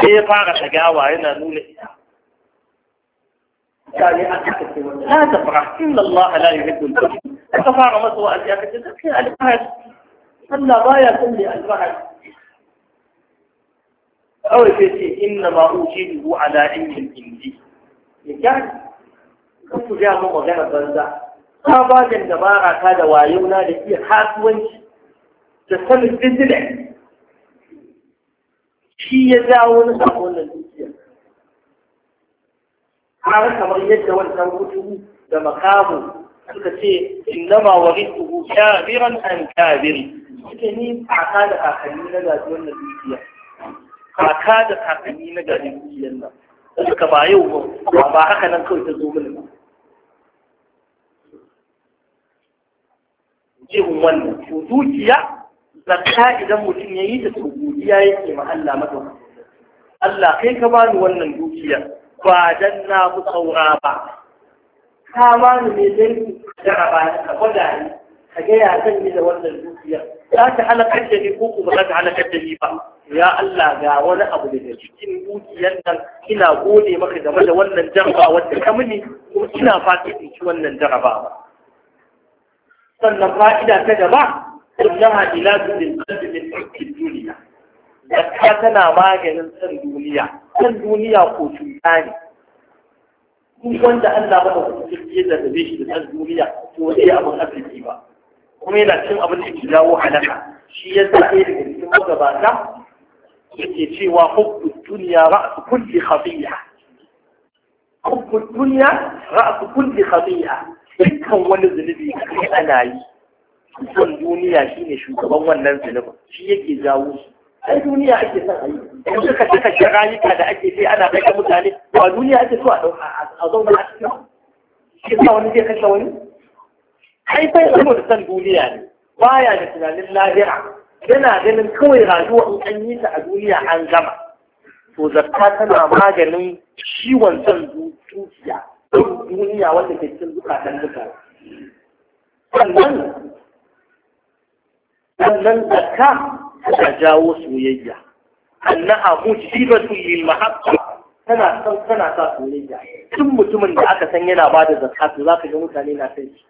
sai ya fara shagawa yana nuna ita قال أحدكم لا تفرح إن الله لا يحب الفرح aka fara masa wa'azi aka ce kai alfahari Allah baya son da alfahari kawai sai ce inna ma a daɗin ilmin indi ya kyani kan ku ja mu magana banza Ta sabajin dabara ta da wayona da iya kasuwanci da sanin business shi ya jawo na samu wannan dukiya har kamar yadda wancan kutu da makamu suka ce innama warithuhu kabiran an kabiri suke ni kaka da kakanni na gaji wannan dukiya kaka da kakanni na gaji dukiyar nan suka ba yau ba ba haka nan kawai ta zo mana ba jin wannan to dukiya zakka idan mutum ya yi da to dukiya yake ma Allah madaukaki Allah kai ka bani wannan dukiya ba dan na ku saura ba kama ni mai dangi jaraba ka gwada ni ka ga ya zan yi da wannan dukiyar za ta halakar da ni ko kuma za ta halakar da ni ba ya Allah ga wani abu daga cikin dukiyar nan ina gode maka game da wannan jaraba wanda ka muni kuma ina fata in ci wannan jaraba sannan fa'ida ta gaba إنها علاج للقلب من حب duniya. zakka tana maganin san duniya san duniya ko cuta ne duk wanda Allah ba da kusurci da zabe shi da san duniya to zai abin arziki ba kuma yana cin abin da ke jawo halaka shi ya sa ɗaya daga cikin magabata yake cewa hubbu duniya ra'su kulli khafiya hubbu duniya ra'su kulli khafiya dukkan wani zunubi kai ana yi son duniya shine shugaban wannan zunubin shi yake jawo su. ai duniya ake son a yi yanzu ka saka shi rayuka da ake sai ana kai mutane ba duniya ake so a zauna a cikin shi sa wani zai kashe wani ai sai saboda san duniya ne baya da tunanin lahira yana ganin kawai rayuwa in an yi ta a duniya an gama to zakka tana maganin ciwon son zuciya duniya wanda ke cikin zukatan mutane sannan sannan zakka tana jawo soyayya annaha mujibatu lil mahabba tana san tana sa soyayya Tun mutumin da aka san yana bada zakka to zaka ga mutane na san shi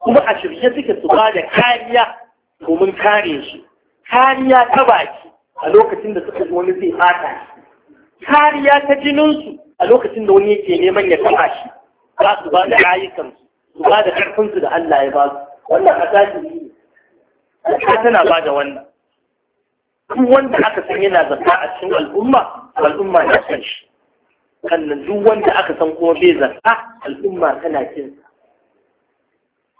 kuma a shirye suke su bada kariya domin kare shi kariya ta baki a lokacin da suka wani zai fata shi kariya ta jininsu a lokacin da wani yake neman ya taba shi za su ba da rayukansu su ba da karfinsu da Allah ya ba su wannan a ne tana ba da wannan duk wanda aka san yana zakka a cikin al'umma al'umma na san shi sannan duk wanda aka san kuma bai zakka al'umma tana kin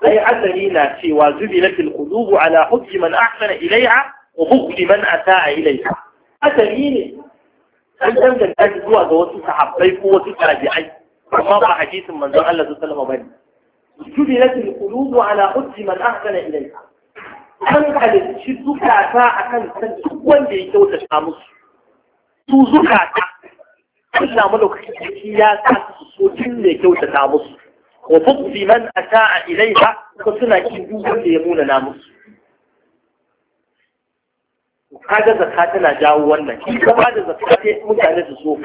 sa ai asali na cewa zubilat al-qulubu ala hubbi man ahsana ilayha wa bughdi man asaa ilayha asali ne an danganta shi zuwa ga wasu sahabbai ko wasu tabi'ai amma ba hadisin manzon Allah sallallahu alaihi wasallam bane zubilat al-qulubu ala hubbi man ahsana ilayha an halicci zukata a kan san duk wanda ya kyautata musu su zukata Allah malaukakin ya sa su so tun da ya kyautata musu wa bukzi man ata'a ilaiha ko suna kin duk wanda ya muna na musu kaga zakka tana jawo wannan shi kuma da zakka sai mutane su so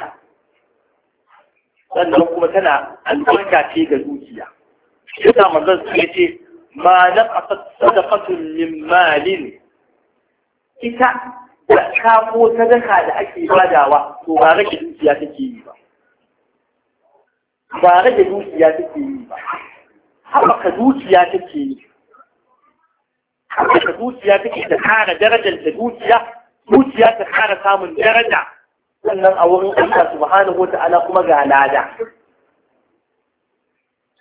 sannan kuma tana albarka ce ga dukiya shi da manzon sai ce ma na naqasat sadaqatun min malin ita zakka ko sadaka da ake badawa to ba rage dukiya take yi ba ba rage dukiya take yi ba haɓaka dukiya take yi haɓaka dukiya take da kara darajar da dukiya dukiya ta kara samun daraja sannan a wurin Allah subhanahu wa ta'ala kuma ga lada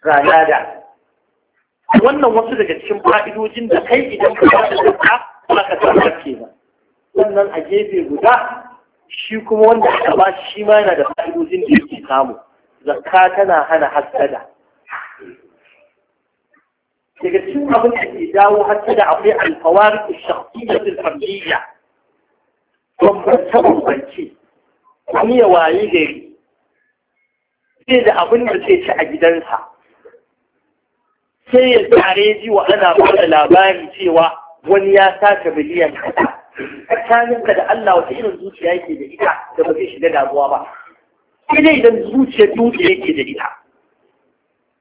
ga lada wannan wasu daga cikin fa'idojin da kai idan ka ba da zakka ba ka samu kenan sannan a gefe guda shi kuma wanda aka ba shi ma yana da fa'idojin da yake samu zakka tana hana hassada daga cikin abin da ke dawo hassada akwai alfawar shakhsiyyatul fardiyya bambance bambanci. wani ya waye gari sai da abin da zai ci a gidansa sai ya sa rediyo ana bada labari cewa wani ya sace miliyan Ta tsakaninka da Allah wata irin zuciya yake da ita da ba zai shiga damuwa ba sai dai idan zuciyar dutse yake da ita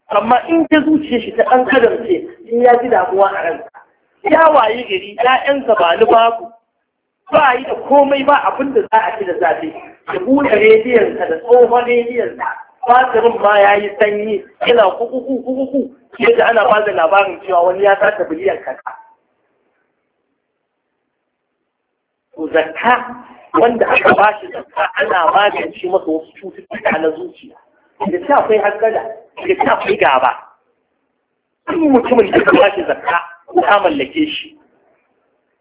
amma in ta zuciya shi ta ɗan adam ce in ya ji damuwa a ransa ya waye gari ƴaƴansa ba ni babu ba yi da komai ba abin da za a ci da safe ya buɗe rediyonsa da tsohon rediyonsa batirin ma ya yi sanyi yana kukuku kukuku yadda ana ba da labarin cewa wani ya sata biliyan kaka. to zakka wanda aka ba shi zakka ana magance masa wasu cututtuka na zuciya da ta akwai hankala da ta akwai gaba in mutumin da ka ba shi zakka ta mallake shi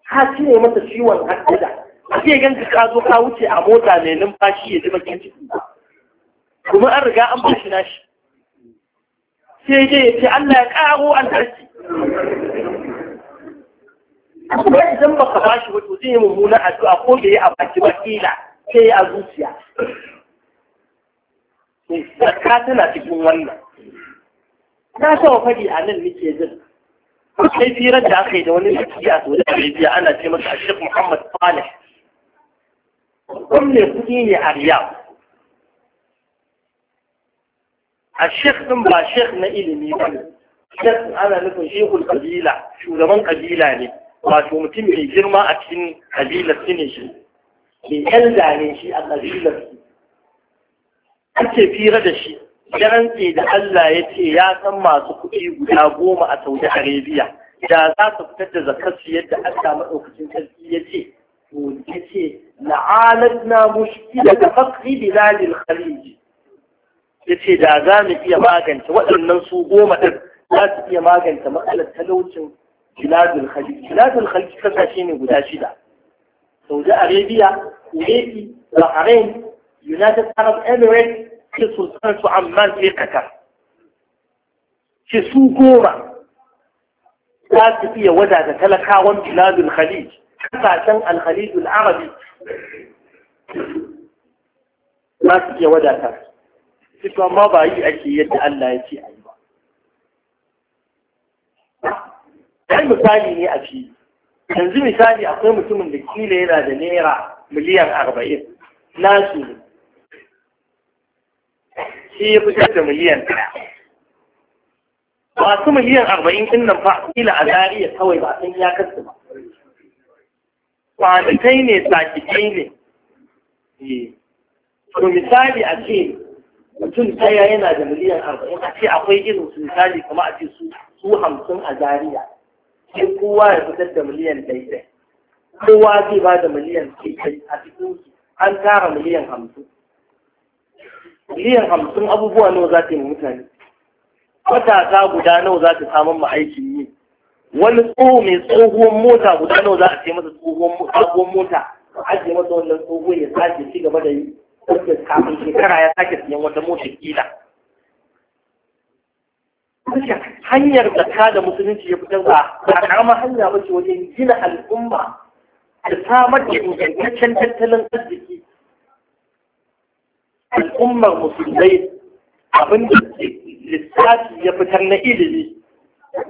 ha cire masa ciwon hankala a ce ganka ka zo ka wuce a mota mai numfashi ya ji bakin ciki kuma an riga an ba shi nashi sai ya ce Allah ya ƙaro albarki kuma idan ba ka bashi wato zai yi mummunan addu'a ko da ya a baki ba kila sai ya zuciya ka tana cikin wannan na sa faɗi a nan nake jin sai firar da aka yi da wani mutum a Saudi Arabia ana ce masa Sheikh Muhammad Saleh ne kuɗi ne a Riyadh a shek ɗin ba shek na ilimi ba ne shek ana nufin shekul kabila shugaban kabila ne wato mutum mai girma a cikin kabilar su ne shi mai yalda ne shi a kabilar su ake fira da shi rantse da Allah ya ce ya san masu kuɗi guda goma a Saudi Arabia da za su fitar da zakarsu yadda Allah maɗaukacin sarki ya ce to ya ce la'alatna mushkila da fakri bilalil khaliji ya ce da za mu iya magance waɗannan su goma ɗin za su iya magance matsalar talaucin jiladul khalki jiladul khalki kasashe ne guda shida saudi arabia kuwaiti bahrain united arab emirates ke sultan su amman sai qatar ce su goma za su iya wadata talakawan jiladul khalij kasashen alkhalijul arabi za su iya wadata fito ma ba yi ake yadda Allah ya ce a yi ba. Dan misali ne a fi, yanzu misali akwai mutumin da kila yana da naira miliyan arba'in nasu ne. Shi ya fitar da miliyan ɗaya. Masu miliyan arba'in ɗin nan fa kila a zariya kawai ba san ya kasu ba. Kwanakai ne, sakitai ne. Eh. To misali a ce mutum ɗaya yana da miliyan arba'in a ce akwai irin su misali kuma a ce su hamsin a Zariya. sai kowa ya fitar da miliyan daidai kowa zai ba da miliyan daidai a cikin an tara miliyan hamsin miliyan hamsin abubuwa nawa za ta yi mutane matasa guda nawa za ta samun ma aikin yi wani tsoho mai tsohuwar mota guda nawa za a ce masa tsohuwar mota a ajiye masa wannan tsohuwar ya sake ci gaba da yi kafin shekara ya sake siyan wata motar kila hanyar da ta da musulunci ya fitar ba a karamar hanya ba ce wajen gina al'umma da samar da ingantaccen tattalin arziki al'ummar musulmai abin da lissafi ya fitar na ilimi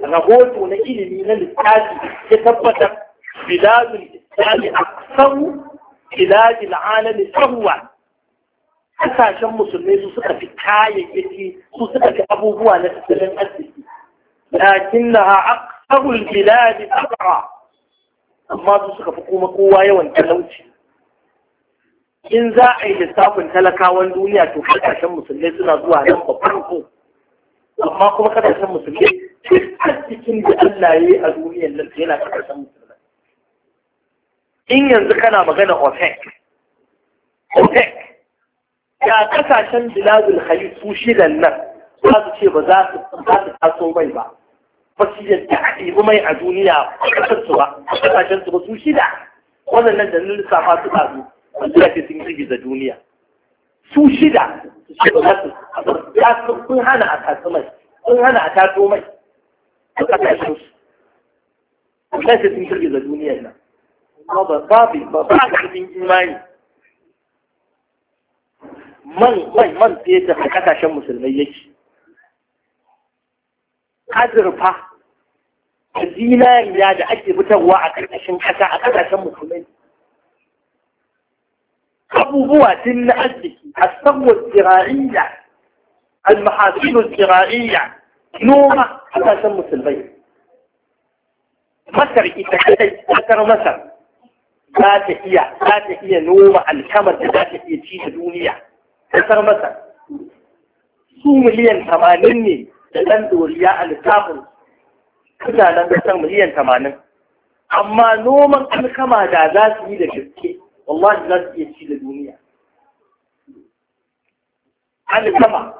rahoto na ilimi na lissafi ya tabbatar biladun lissafi a sau biladun alamin sahuwa kasashen musulmai su suka fi kayayyaki su suka fi abubuwa na tattalin arziki lakin na a aksarul biladi tsara amma su suka fi kuma kowa yawan talauci in za a yi lissafin talakawan duniya to kasashen musulmai suna zuwa nan babban ko amma kuma kasashen musulmai cikin da Allah ya yi a duniyar nan yana kasashen musulmai in yanzu kana magana OPEC OPEC ya kasashen bilazul khalid su shidan nan za su ce ba za su taso mai ba ba su yadda a ɗebi mai a duniya kasar su ba kasashen su ba su shida waɗannan da nan safa su ɗazu wanda ya ce sun da duniya su shida su ce ba za su ya sun hana a taso mai sun hana a taso mai a kasashen su kasashen ya ce da duniya duniyar nan babu babu ba ba a ƙarfin imani man man man fetur a kasashen musulmai yake azurfa da zinariya da ake fitarwa a ƙarƙashin ƙasa a ƙasashen musulmai abubuwa sun na arziki a sabuwar zira'iyya almahasinu zira'iyya noma ƙasashen musulmai masar ita kadai ƙasar masar za ta iya za ta iya noma alkamar da za ta iya ci da duniya ƙasar masa Su miliyan tamanin ne da ɗan doriya a littafin da san miliyan tamanin. Amma noman alkama da za su yi da gaske, wallahi za su iya ci da duniya. Alkama,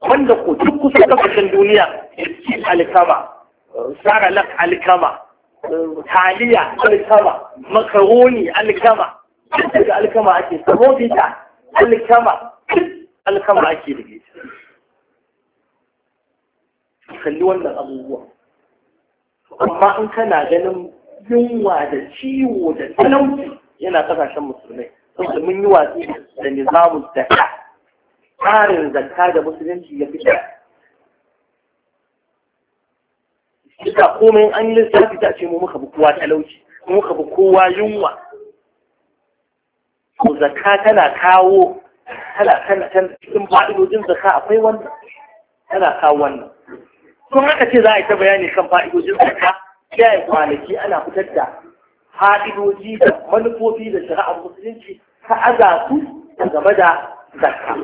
wanda ko duk kusa kasashen duniya ya ci alkama, saralak alkama, taliya alkama, makaroni alkama, da alkama ake samu fita. alkama alkama ake da ita kalli wannan abubuwa amma in kana ganin yunwa da ciwo da talauci yana kasashen musulmai saboda mun yi watsi da nizamun zakka tsarin zakka da musulunci ya fita Ita komai an yi lissafi ta ce mu muka bi kowa talauci, mu muka bi kowa yunwa, to zakka tana kawo tana tana tana cikin fa'idojin zakka akwai wannan tana kawo wannan kun haka ce za a yi ta bayani kan fa'idojin zakka yi kwanaki ana fitar da fa'idoji da manufofi da shari'ar musulunci ta aza su game da Zaka.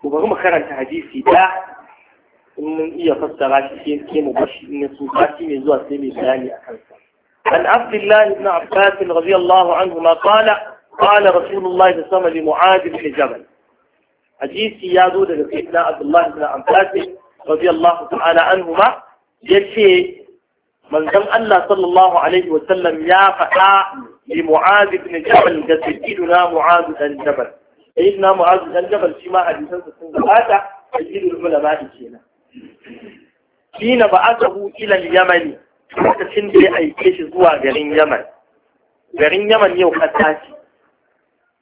ko bari mu karanta hadisi da in mun iya fassara shi ke mu bashi in ya tsufa shi ne zuwa sai mai bayani a kansa عن عبد الله بن عباس رضي الله عنهما قال قال رسول الله صلى الله عليه وسلم لمعاذ بن جبل حديث يادو daga sayyidina Abdullah ibn Abbas radiyallahu ta'ala anhuma yace manzon Allah sallallahu alaihi wa sallam ya faɗa li Mu'adh ibn Jabal da sayyidina Mu'adh ibn Jabal sayyidina Mu'adh ibn Jabal shi ma hadisan sa sun gabata sayyidul ulama kenan kina ba'athu ila lokacin da ya aike shi zuwa garin yaman garin yaman yau kasa ce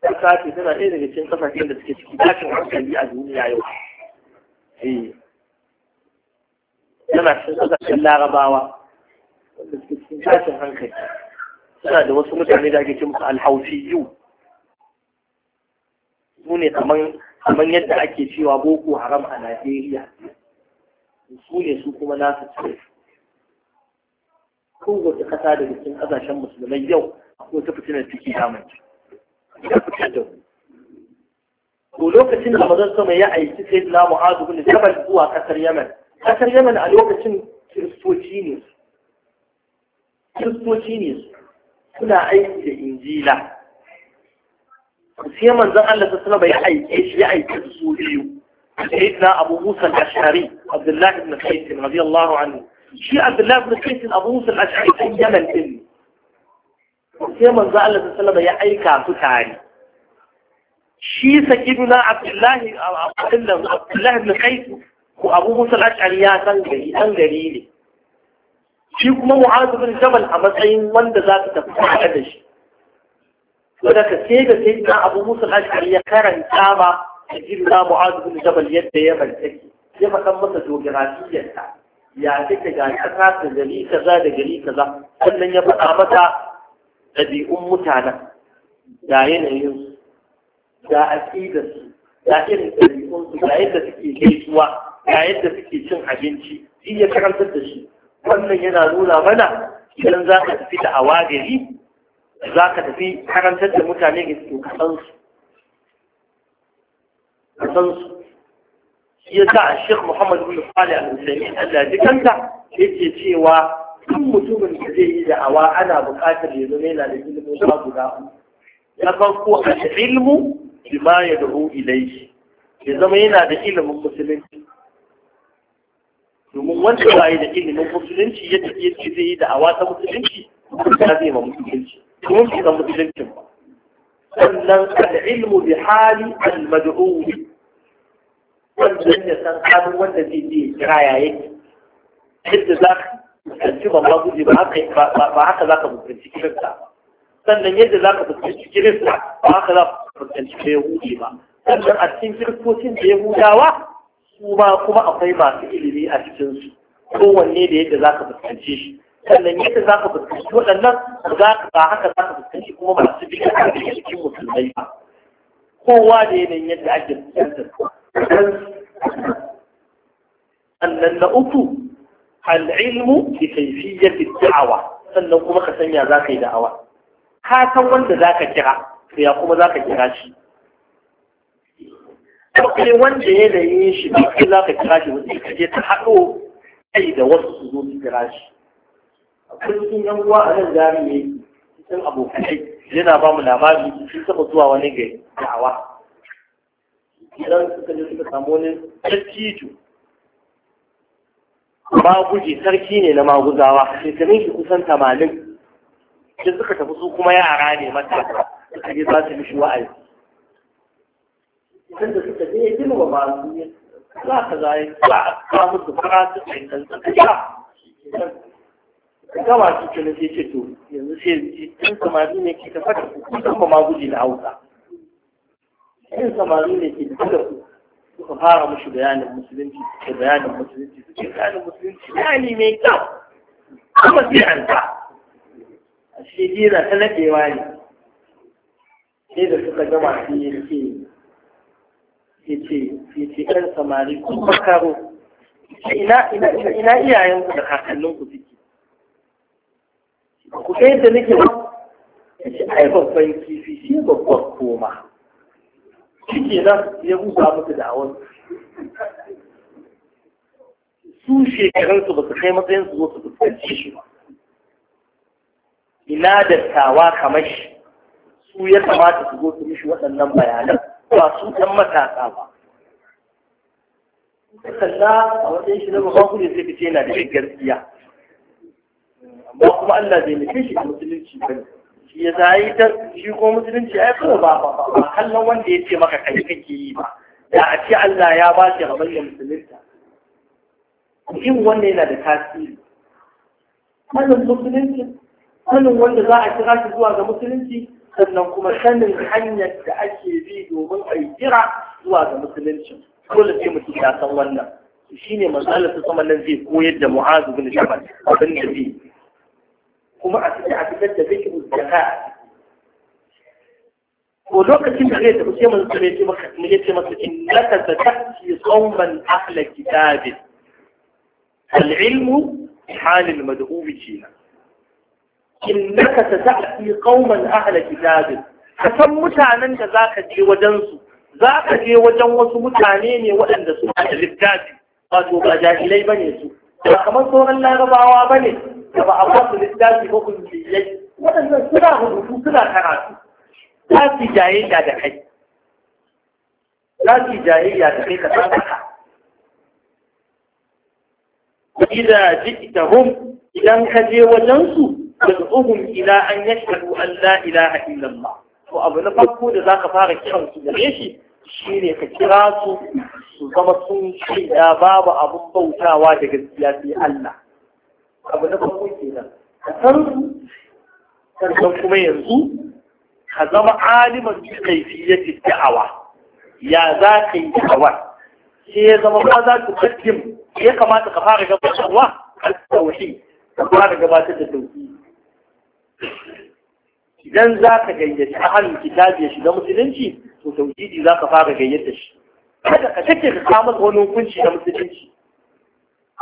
kasa ce tana ɗaya daga cikin kasashen da suke ciki tashin hankali a duniya yau eh. tana cikin kasashen larabawa wanda suke cikin tashin hankali suna da wasu mutane da ake ce musu alhausiyu su ne kamar yadda ake cewa boko haram a najeriya su ne su kuma nasu ce kowace ƙasa daga cikin ƙasashen musulmai yau akwai ta fitinar ciki damun ya fitar da mu to lokacin da mazan sama ya aiki sai na mu'adu bin jabal zuwa ƙasar yaman ƙasar yaman a lokacin kiristoci ne kiristoci ne suna aiki da injila sai manzon Allah ta sallama ya aike shi ya aike su biyu sayyidina abu musa al-ashari abdullahi ibn qais radiyallahu anhu shi Abdullahi bin Kaisin Abu Musa al-Ash'ari ɗan Yaman ɗin sai manzo Allah ta ya aika su tare shi sakiduna Abdullahi Abdullahi bin Kaisin ko Abu Musa al-Ash'ari ya san gari ɗan gari ne shi kuma Mu'adh bin Jabal a matsayin wanda za ka tafi tare da shi wanda ka sai da sai na Abu Musa al-Ash'ari ya karanta ba sakiduna Mu'adh bin Jabal yadda ya take, ya faɗan masa geografiyar ta ya take ga kasa ta gari kaza da gari kaza sannan ya faɗa mata ɗabi'un mutanen da yanayin da su da irin su, da yadda suke gaisuwa da yadda suke cin abinci shi ya karantar da shi wannan yana nuna mana idan za ka tafi da awa gari za ka tafi karantar da mutane ga su kasansu kasansu ya sa Sheikh Muhammad bin fali Al-Utsaimin Allah dukanta yake cewa kan mutumin da zai yi da'awa ana buƙatar ya zama yana da ilimi ba guda na farko a ilmu bima yad'u ilayhi ya zama yana da ilimin musulunci domin wanda ba da ilimin musulunci ya yake ce zai yi awa ta musulunci ta zai ma musulunci domin bai san musulunci ba sannan al-ilmu bi hali al-mad'u wannan ya san halin wanda zai je kira yayi yadda za ka fuskanci ban ma guje ba haka za ka fuskanci kirista sannan yadda za ka fuskanci kirista ba haka za ka fuskanci ya yahudi ba sannan a cikin kiristocin da ya yahudawa su ma kuma akwai masu ilimi a cikinsu kowanne da yadda za ka fuskanci shi sannan yadda za ka fuskanci waɗannan za ka ba haka za ka fuskanci kuma masu biyu a cikin musulmai ba kowa da yanayin yadda ake fuskantar sannan na uku al'ilmu bi kaifiyyati da'awa sannan kuma ka sanya za ka yi da'awa ka san wanda za ka kira to ya kuma za ka kira shi akwai wanda yanayin shi kai za ka kira shi wani ka ta haɗo kai da wasu su zo su kira shi akwai cikin yan uwa a nan zari ne cikin abokanai yana ba mu labari sun taɓa zuwa wani gari da'awa idan suka je suka samu wani dattijo Maguje sarki ne na maguzawa shekarun shi kusan tamanin shi suka tafi su kuma yara ne mata suka je za su mishi wa'azi idan da suka je ya gina ba su za ka zai za a samu su fara su kai kan suka ja gama su ce na sai ce to yanzu sai tun samari ne ke tafa da kusan ba maguji na hausa irin samari ne ke da ku suka fara mushi bayanin musulunci suke bayanin musulunci suke bayanin musulunci bayani mai kyau kuma ziyarta a shekira ta nadewa ne sai da suka gama sai ya ce ke ce ke ce samari kun makaro ina ina iyayenku da kakanninku suke ku kai da nake ba ya ce ai babban kifi shi babban koma shi ke nan ya buga musu da awon su shekarunsu ba su kai matsayin su zo su fuskanci shi ba ina dattawa kamar shi su ya kamata su zo su mishi waɗannan bayanan ba su ɗan matasa ba sannan a wajen shi na babban ne sai fice yana da gaskiya amma kuma Allah zai nufi shi a musulunci ba ne ya zayi ta shi ko musulunci ai kawai ba ba ba kallon wanda ya ce maka kai kake yi ba da a ce Allah ya ba shi rabon da musulunta in wannan yana da tasiri sanin musulunci sanin wanda za a kira shi zuwa ga musulunci sannan kuma sanin hanyar da ake bi domin a yi kira zuwa ga musulunci dole sai mutum ya san wannan shine matsalar ta sama nan zai koyar da mu'azu bin jabal abin da zai kuma a cikin abin da zai zaka ko lokacin da zai tafi sai mun tsare ce maka mun yace masa in laka zakati qauman ahla kitabin al-ilmu hal al-mad'ubi kina innaka sata'ti qauman ahla kitabin ka san mutanen da zaka je wajen su zaka je wajen wasu mutane ne waɗanda suna da littafi wato ba jahilai bane su ba kamar sauran larabawa bane da ba a basu littafi ko kulliyai waɗannan suna rubutu suna karatu za su jayayya da kai za su jayayya إذا جئتهم إذا كجي وجنسوا تدعوهم إلى أن يشهدوا أن لا إله إلا الله وأبنى فكو لذا كفار الشمس لغيشي شيني كتراسو سوزمسون شيئا باب أبو الصوتا واجه السياسي الله abu na farko kenan ka san su sannan kuma yanzu ka zama aliman bi kayfiyati da'awa ya za ka yi da'awa sai ya zama ba za ku kaddim ya kamata ka fara gabatarwa al-tauhid ka fara gabatar da tauhid idan za ka gayyaci ahalin kitabi shi na musulunci to tauhidi za ka fara gayyata shi kada ka take ka kama wani hukunci na musulunci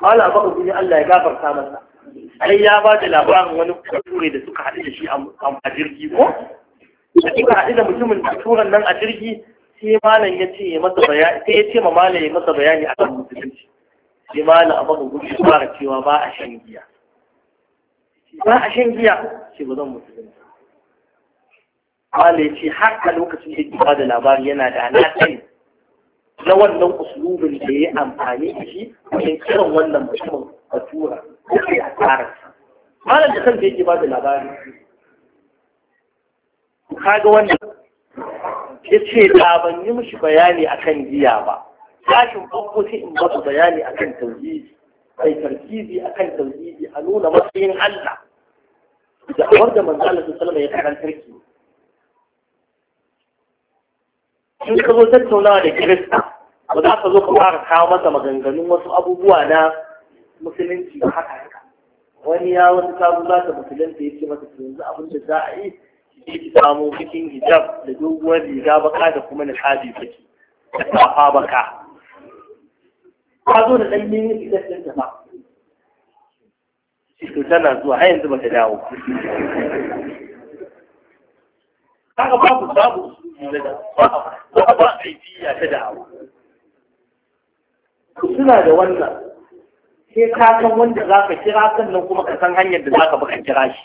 Allah ba ku Allah ya gafarta masa ai ya ba da labarin wani kuskure da suka haɗu da shi a jirgi ko da suka haɗu da mutumin turan nan a jirgi sai malam ya ce masa bayani sai ya ce ma malam ya masa bayani akan musulunci sai malam a baka gudu fara cewa ba a shan giya ba a shan giya ce ba zan musulunci malam ya ce har a lokacin da ke ba da labari yana da alaƙa na wannan usulubin da ya yi amfani da shi wajen kiran wannan mutumin a tura. kafararsa malam da kanka yake ba da labari kaga wannan ya ce da ban yi mishi bayani akan giya ba sashin farko sai in ba su bayani akan tauhidi kai tarkizi akan tauhidi a nuna matsayin Allah da awar da manzo Allah sallallahu ya karantar ki in ka zo tattaunawa da Kirista ba za ka zo ka fara kawo masa maganganun wasu abubuwa na musulunci ba haka haka wani ya wani samu za ta musulunta ya yake mata yanzu abin da za a yi shi ki samu bikin hijab da doguwar riga baka da kuma na niqabi baki da safa baka ka zo da ɗan yin yi ɗan ta ba to tana zuwa har yanzu ba ta dawo kaga babu babu ba ba aifiya ta dawo suna da wannan sai ka san wanda za ka kira sannan kuma ka san hanyar da za ka baka kira shi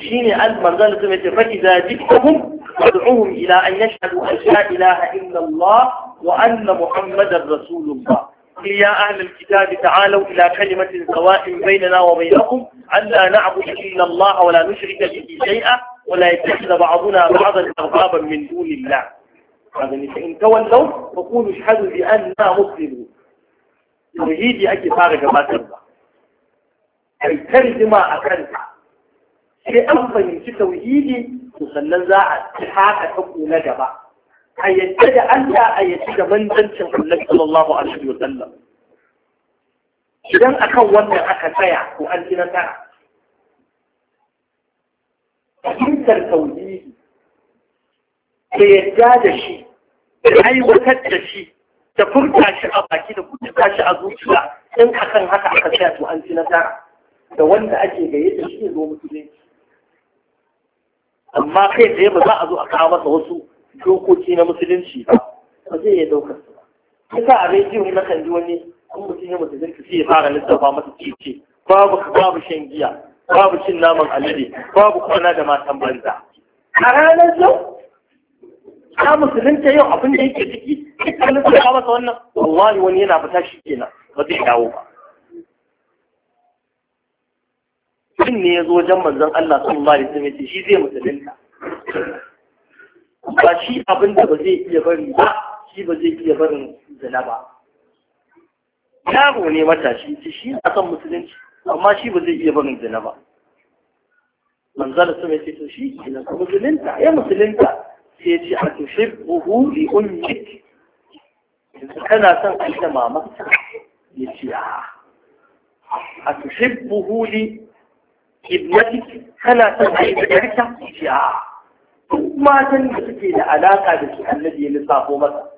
shi ne an manzan da ce faɗi da jikin wad'uhum ila an yashhadu an la ilaha illa Allah wa anna Muhammadar Rasulullah قل يا أهل الكتاب تعالوا إلى كلمة سواء بيننا وبينكم أن لا نعبد إلا الله ولا نشرك به شيئا ولا يتخذ بعضنا بعضا أربابا من دون الله هذا فإن تولوا فقولوا اشهدوا بأننا مسلمون tauhidi ake fara gabatarwa kai ta rigima a kanta sai an fahimci tauhidi to sannan za a taka ta na gaba a yadda da Allah a yadda da manzancin Allah sallallahu alaihi wa sallam idan akan wannan aka tsaya ko an ji nasara fahimtar tauhidi da yadda da shi da aiwatar da shi da furta shi a baki da furta shi a zuciya in akan haka aka tsaya to an ci nasara da wanda ake gayyata shi ne zo musulunci amma kai tsaye ba za a zo a kawo masa wasu dokoki na musulunci ba ba zai iya daukar su ba yasa a rediyo na kan ji wani an mutum ya musulunci sai ya fara lissafa masa cece babu babu shan giya babu cin naman alade babu kwana da matan banza a ranar yau ta musulunta yau abin da yake ciki dukkanin su ka masa wannan wallahi wani yana fita shi kenan ba zai dawo ba shin ne ya zo wajen manzon Allah sallallahu alaihi wasallam shi zai musulunta ba shi abin da ba zai iya bari ba shi ba zai iya barin zina ba yaro ne matashi ce shi na son musulunci amma shi ba zai iya barin zina ba manzala sun ya ce to shi kenan musulunta ya musulunta sai ya ce a tushibbuhu li ummik كان تنقل تمامك لشيعه اتحبه لابنتك كان تنقل تمامك لشيعه ثم تنقل العلاقه بك الذي يلصاق مكه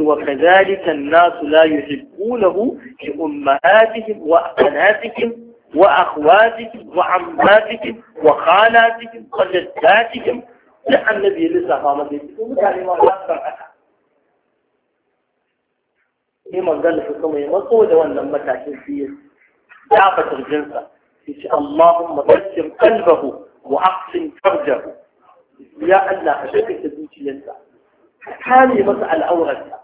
وكذلك الناس لا يحبونه لامهاتهم وابناتهم واخواتهم وعماتهم وخالاتهم وجداتهم لان الذي لسه ما مدينه ومتعلمه لا تنقل sai manzon da kuma ya matso da wannan matakin sai ya dafa turjinsa sai ce Allahumma bakkir qalbahu wa ahsin farjahu ya Allah ka shirka zuciyarsa ka kame masa al'aurarsa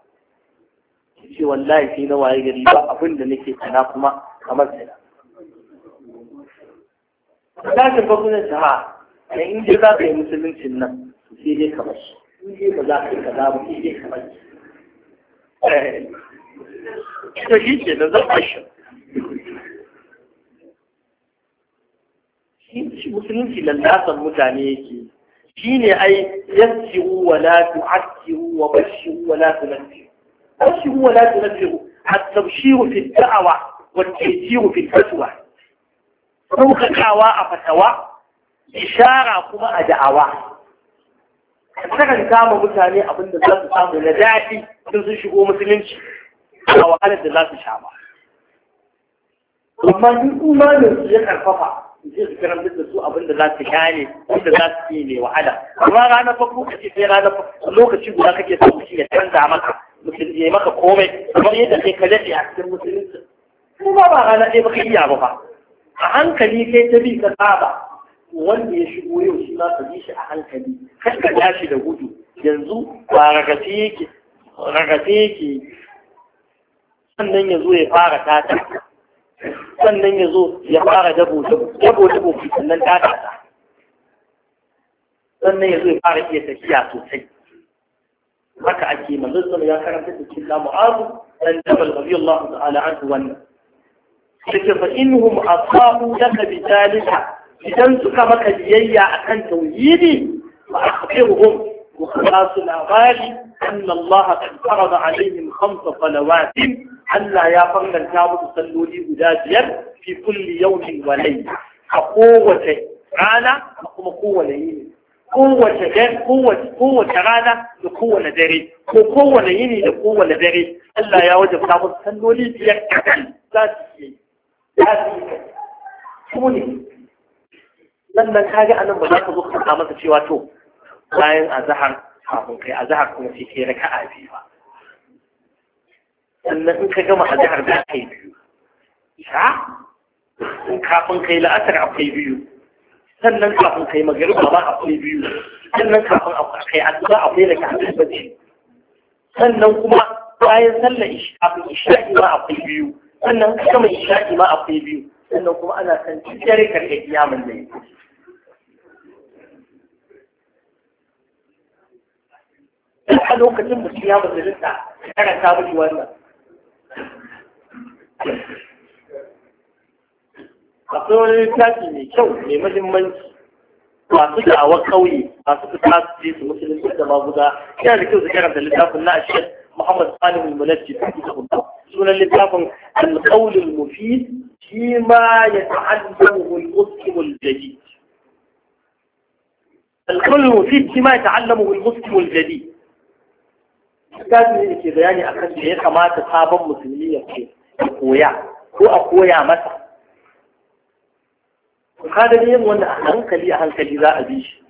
ce wallahi sai na waye gari ba abin da nake kana kuma kamar sai Tashin bakunan shaha, da in je za ka yi musuluncin nan, sai dai kamar shi, in je ba za ka yi kaza ba, sai dai kamar shi. ita shi ke na zan bashi shi musulunci lallasan mutane yake shi ne ai yassiru wa la tu'assiru wa bashiru wa la tunaffiru bashiru wa la tunaffiru at-tabshiru fi ad-da'wa wa at-taysiru fi al-fatwa a fatawa ishara kuma a da'awa sakan kama mutane abinda za su samu na daɗi sun shigo musulunci a wahalar da za su sha ba amma duk imanin su ya karfafa zai su karantar da su abinda za su sha ne wanda za su yi mai wahala Kuma ranar farko ka ce sai ranar lokacin guda kake son mutum ya canza maka mutum ya maka komai kamar yadda kai ka daɗe a cikin musulunci Kuma ba rana ɗaya baka iya ba fa a hankali kai ta bi ka saba wanda ya shigo yau shi za ka bi shi a hankali kar ka tashi da gudu yanzu ba ragace yake ragace yake sannan ya zo ya fara tata sannan ya zo ya fara dabo dabo dabo dabo sannan tata ta sannan ya zo ya fara iya tafiya sosai haka ake manzon sama ya karanta da cikin lamu azu dan jabal radiyallahu ta'ala anhu wannan take fa innahum asabu laka bi zalika idan suka maka biyayya akan tauhidi fa akhbiruhum وخلاص الأغالي أن الله قد فرض عليهم خمس صلوات Allah ya fanganta muku salloli guda biyar fi kulli yawmin wa layla a kowace rana da kuma kowace yini kowace dare kowace kowace rana da kowace dare ko kowace yini da kowace dare Allah ya wajabta musu salloli biyar kadan za su yi za su yi su ne sannan kage anan ba za ka zo ka masa cewa to bayan azhar kafin kai azhar kuma sai kai raka'a biyu ba sannan in ka gama a jihar za ka yi biyu sha kafin kai la'asar akwai biyu sannan kafin kai magariba ba akwai biyu sannan kafin kai asuba akwai da kafin bacci sannan kuma bayan sallar kafin isha'i ma akwai biyu sannan gama isha'i ma akwai biyu sannan kuma ana san dare karɓe kiyamun da yake a lokacin mutum ya musulunta karanta mashi wannan a tsohon littafi mai kyau mai mahimmanci masu da'awar kauye masu fita su je su musulunci da maguza yana da kyau su karanta littafin na ashir muhammad salim al-munajjid sunan littafin al-qawl al-mufid fi ma yata'allamuhu al-muslim al-jadid al-qawl al-mufid fi ma yata'allamuhu al-muslim al-jadid littafi ne ke bayani a kan da ya kamata sabon musulmi ya ce a koya ko a koya masa ka da yin wanda a hankali a hankali za a bi shi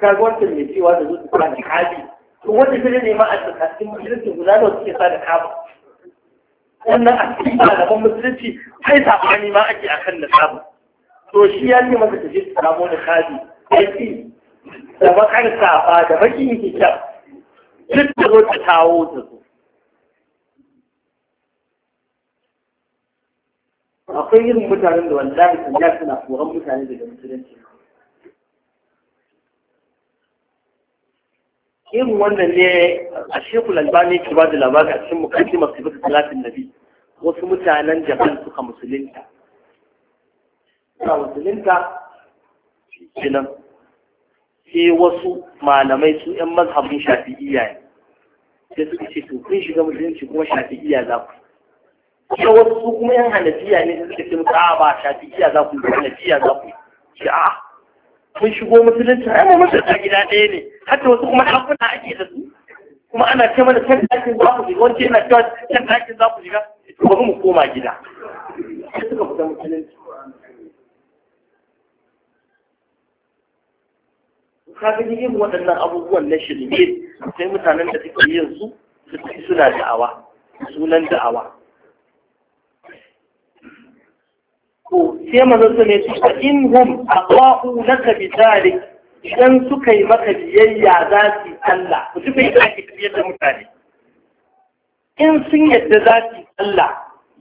ka ga wancan mai cewa da zuwa kuma da kaji, to wanda zai ne ma a tsakanin musulunci guda da suke sa da kabi wannan a cikin malaman musulunci sai sabani ma ake a kan da sabu to shi ya ne masa tafi samo da kaji ya ce da bakar safa da baki hijab kyau duk da zo kawo ta su akwai irin mutanen da wallahi sun ya suna tsoron mutane daga musulunci irin wannan ne a shekul albani ke ba da labari a cikin mukanci masu bisa talatin nabi wasu mutanen japan suka musulunta suka musulunta shi nan sai wasu malamai su ‘yan mazhabin shafi'iyya ne sai suka ce to kun shiga musulunci kuma shafi'iyya za ku sai wasu su kuma ‘yan hanafiya ne sai suka ce musu a ba shafi'iyya za ku hanafiya za ku ce a kun shigo musulunci ai mu mutu ta gida ɗaya ne hatta wasu kuma ɗakuna ake da su kuma ana ce mana can ɗakin za ku shiga wani yana cewa can ɗakin za ku shiga to bari mu koma gida sai suka fita musulunci kaga ni yin waɗannan abubuwan na shirme sai mutanen da suke yin su suna da'awa sunan da'awa ko sai manzo ne su fa in hum aqa'u laka bi zalik idan suka yi maka biyayya za su Allah ku tuka yi zaki biyar da mutane in sun yadda za su Allah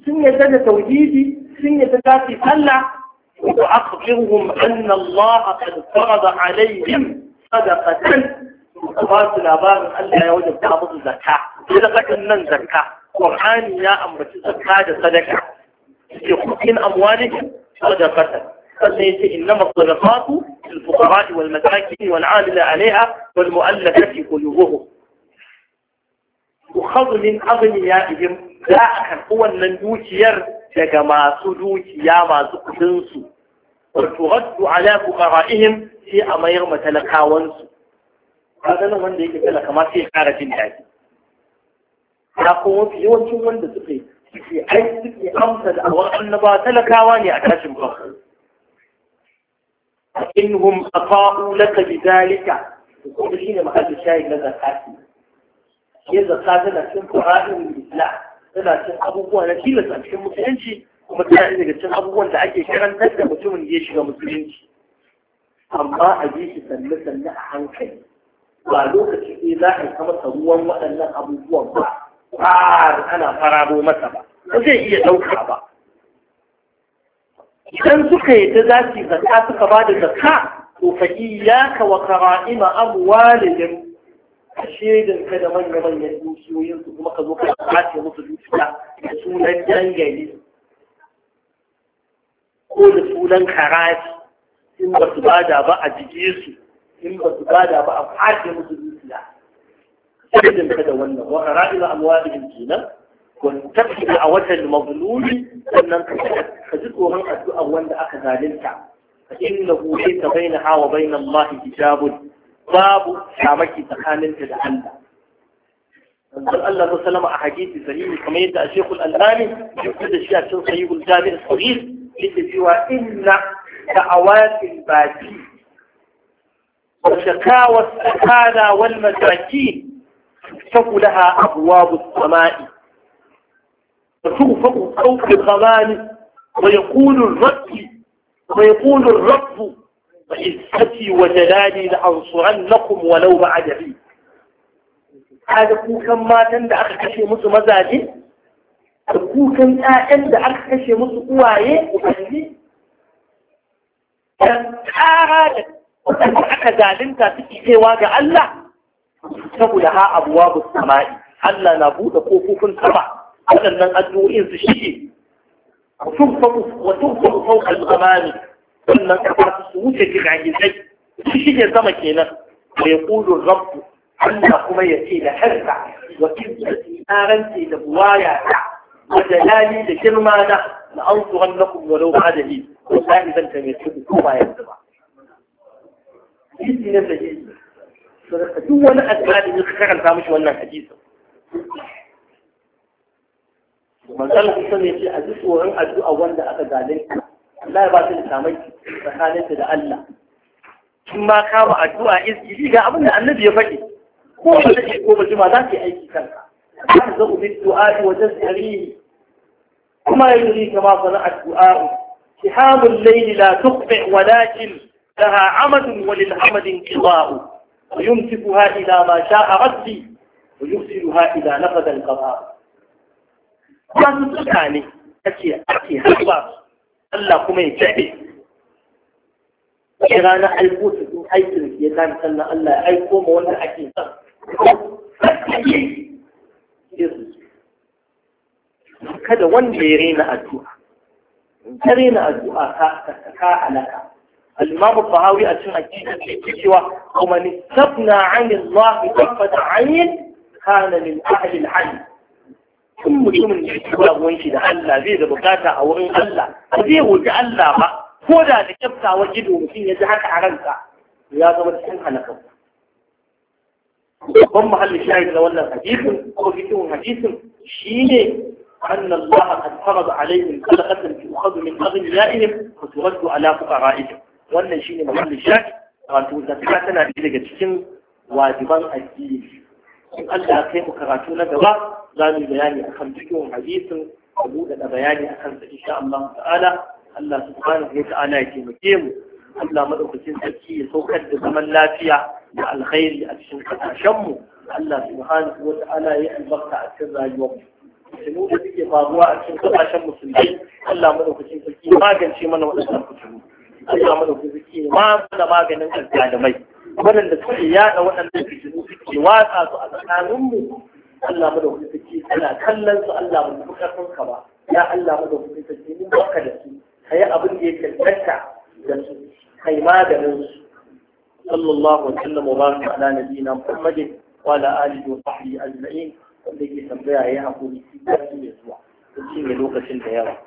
sun yadda da tauhidi sun yadda za su Allah وأخبرهم أن الله قد فرض عليهم sadaqatan ka ba su labarin Allah ya wajen ta musu zakka sadaqatan nan zakka Qur'ani ya ambaci zakka da sadaka ke kuɗin amwalikum sadaqatan sannan yace innama sadaqatu lil fuqara wal masakin wal 'amila 'alayha wal mu'allafati qulubuhum tukhadhu min aghniyaihim za a karɓi wannan dukiyar daga masu dukiya masu kuɗinsu وترد على فقرائهم في أمير متلكاونس هذا لو من ديك تلك ما في حارة الحاج يقوم في يوم شو من دسقي في أي سكي أمسد أو أنبا تلكاواني أكاشم بخر إنهم أطاعوا لك بذلك يقول شيء ما قد الشاهد لذا كاتي يذا كاتنا في قرائن الإسلام tana cin abubuwa na tilas a cikin musulunci kuma tana daga cin abubuwan da ake karantar da mutumin ya shiga musulunci amma a bi shi sannu sannu a hankali ba lokaci ne za a kama ruwan waɗannan abubuwan ba har ana fararo masa ba ba zai iya ɗauka ba idan suka yi ta zafi zaka suka ba da zaka to fa iyaka wa kara'ima amwalihim ka ka da manya manyan dukiyoyinsu kuma ka zo ka sace musu dukiya da sunan dangane ko da sunan karafi in ba su bada ba a jiki in ba su bada ba a fashe musu zuciya sai da kada wannan wa ra'ila amwalihim kenan ko tafi a watan mazluli sannan ka ji tsoron addu'ar wanda aka zalunta innahu laysa bainaha wa bayna Allah hijabun babu samaki tsakaninta da Allah Rasul Allah sallallahu alaihi wasallam a hadisi sahihi kamar yadda Sheikh Al-Albani ya kudda shi a cikin Sahih Al-Jami' ان cewa inna da'awatin baki wa shakawa wal تفتح لها أبواب السماء فتوفق صوت الغمان ويقول الرب ويقول الرب وعزتي وجلالي لأنصرنكم ولو بعد بي. هذا كو ما تندى أخي كشي مسو مزاجي الكوكن آئل بعكس شيء مصقوعي وحزين كان آغا وكان حكا ذالنك الله سبو لها أبواب السماء ألا نبود قوفوف سبع ألا من أدوئين في الشيء وتغفر فوق الغمام ولما تبعت السهوك جرعي الحي الشيء يزم كينا ويقول الرب أنه ما يتيل حرع وكذلك آغا تيل بوايا Badaladi da girma na, na auzuran na kuma lauba haɗari, ba za a iya zanka mai kuɗi ko bayan su ba. Kishimen da jirgin, sarakashin a cikin aka zane shi, Allah ya basu lita mafi Annabi ya faɗi. Kowa ba za su yi aikin karka. Har zan zama wajen ƙirji. وما يدريك ما صنعت فؤاد سحاب الليل لا تقطع ولكن لها عمد وللعمد انقضاء ويمسكها إذا ما شاء ربي ويرسلها إذا نفذ القضاء الله ألبوت من حيث الله kada wanda ya rena addu'a in ka rena addu'a ka halaka al-imam al-bahawi a cikin aqida ne ke cewa kuma ni sabna an Allah tafat ayn kana min ahli al-hayy kun mutumin da yake ba ruwan shi da Allah zai da bukata a wurin Allah ba zai wuce Allah ba ko da da kyaftawa ido mutum ya ji haka a ranka ya zama cikin halaka babban mahallin shahid na wannan hadisin ko fitin hadisin ne. أن الله قد فرض عليهم صدقة تؤخذ من أغنيائهم وترد على فقرائهم wannan shine muhallin shaki wato zakka tana ɗaya daga cikin wajiban addini in Allah ya kai mu karatu na gaba za mu bayani akan cikin hadisin da buɗe bayani akan sa insha Allah ta'ala Allah subhanahu wa ta'ala ya taimake mu Allah madaukakin sarki ya saukar da zaman lafiya da alkhairi a cikin kasashen mu Allah subhanahu wa ta'ala ya albarka a cikin rayuwar mu fitinu da suke faruwa a cikin kasashen musulmi Allah madaukakin sarki magance mana waɗannan fitinu Allah madaukakin sarki ma mana maganin da alƙalamai waɗanda suke yaɗa waɗannan fitinu suke watsa su a tsakaninmu Allah madaukakin sarki kana kallon su Allah mu fi ƙarfin ka ba ya Allah madaukakin sarki mun baka da su kai abin da ya tantanta da su kai maganin su sallallahu alaihi wa sallam wa baraka ala nabiyyina Muhammadin وعلى آله وصحبه أجمعين wanda ke tambaya ya haƙuri su ya zuwa sun cinye lokacin da yawa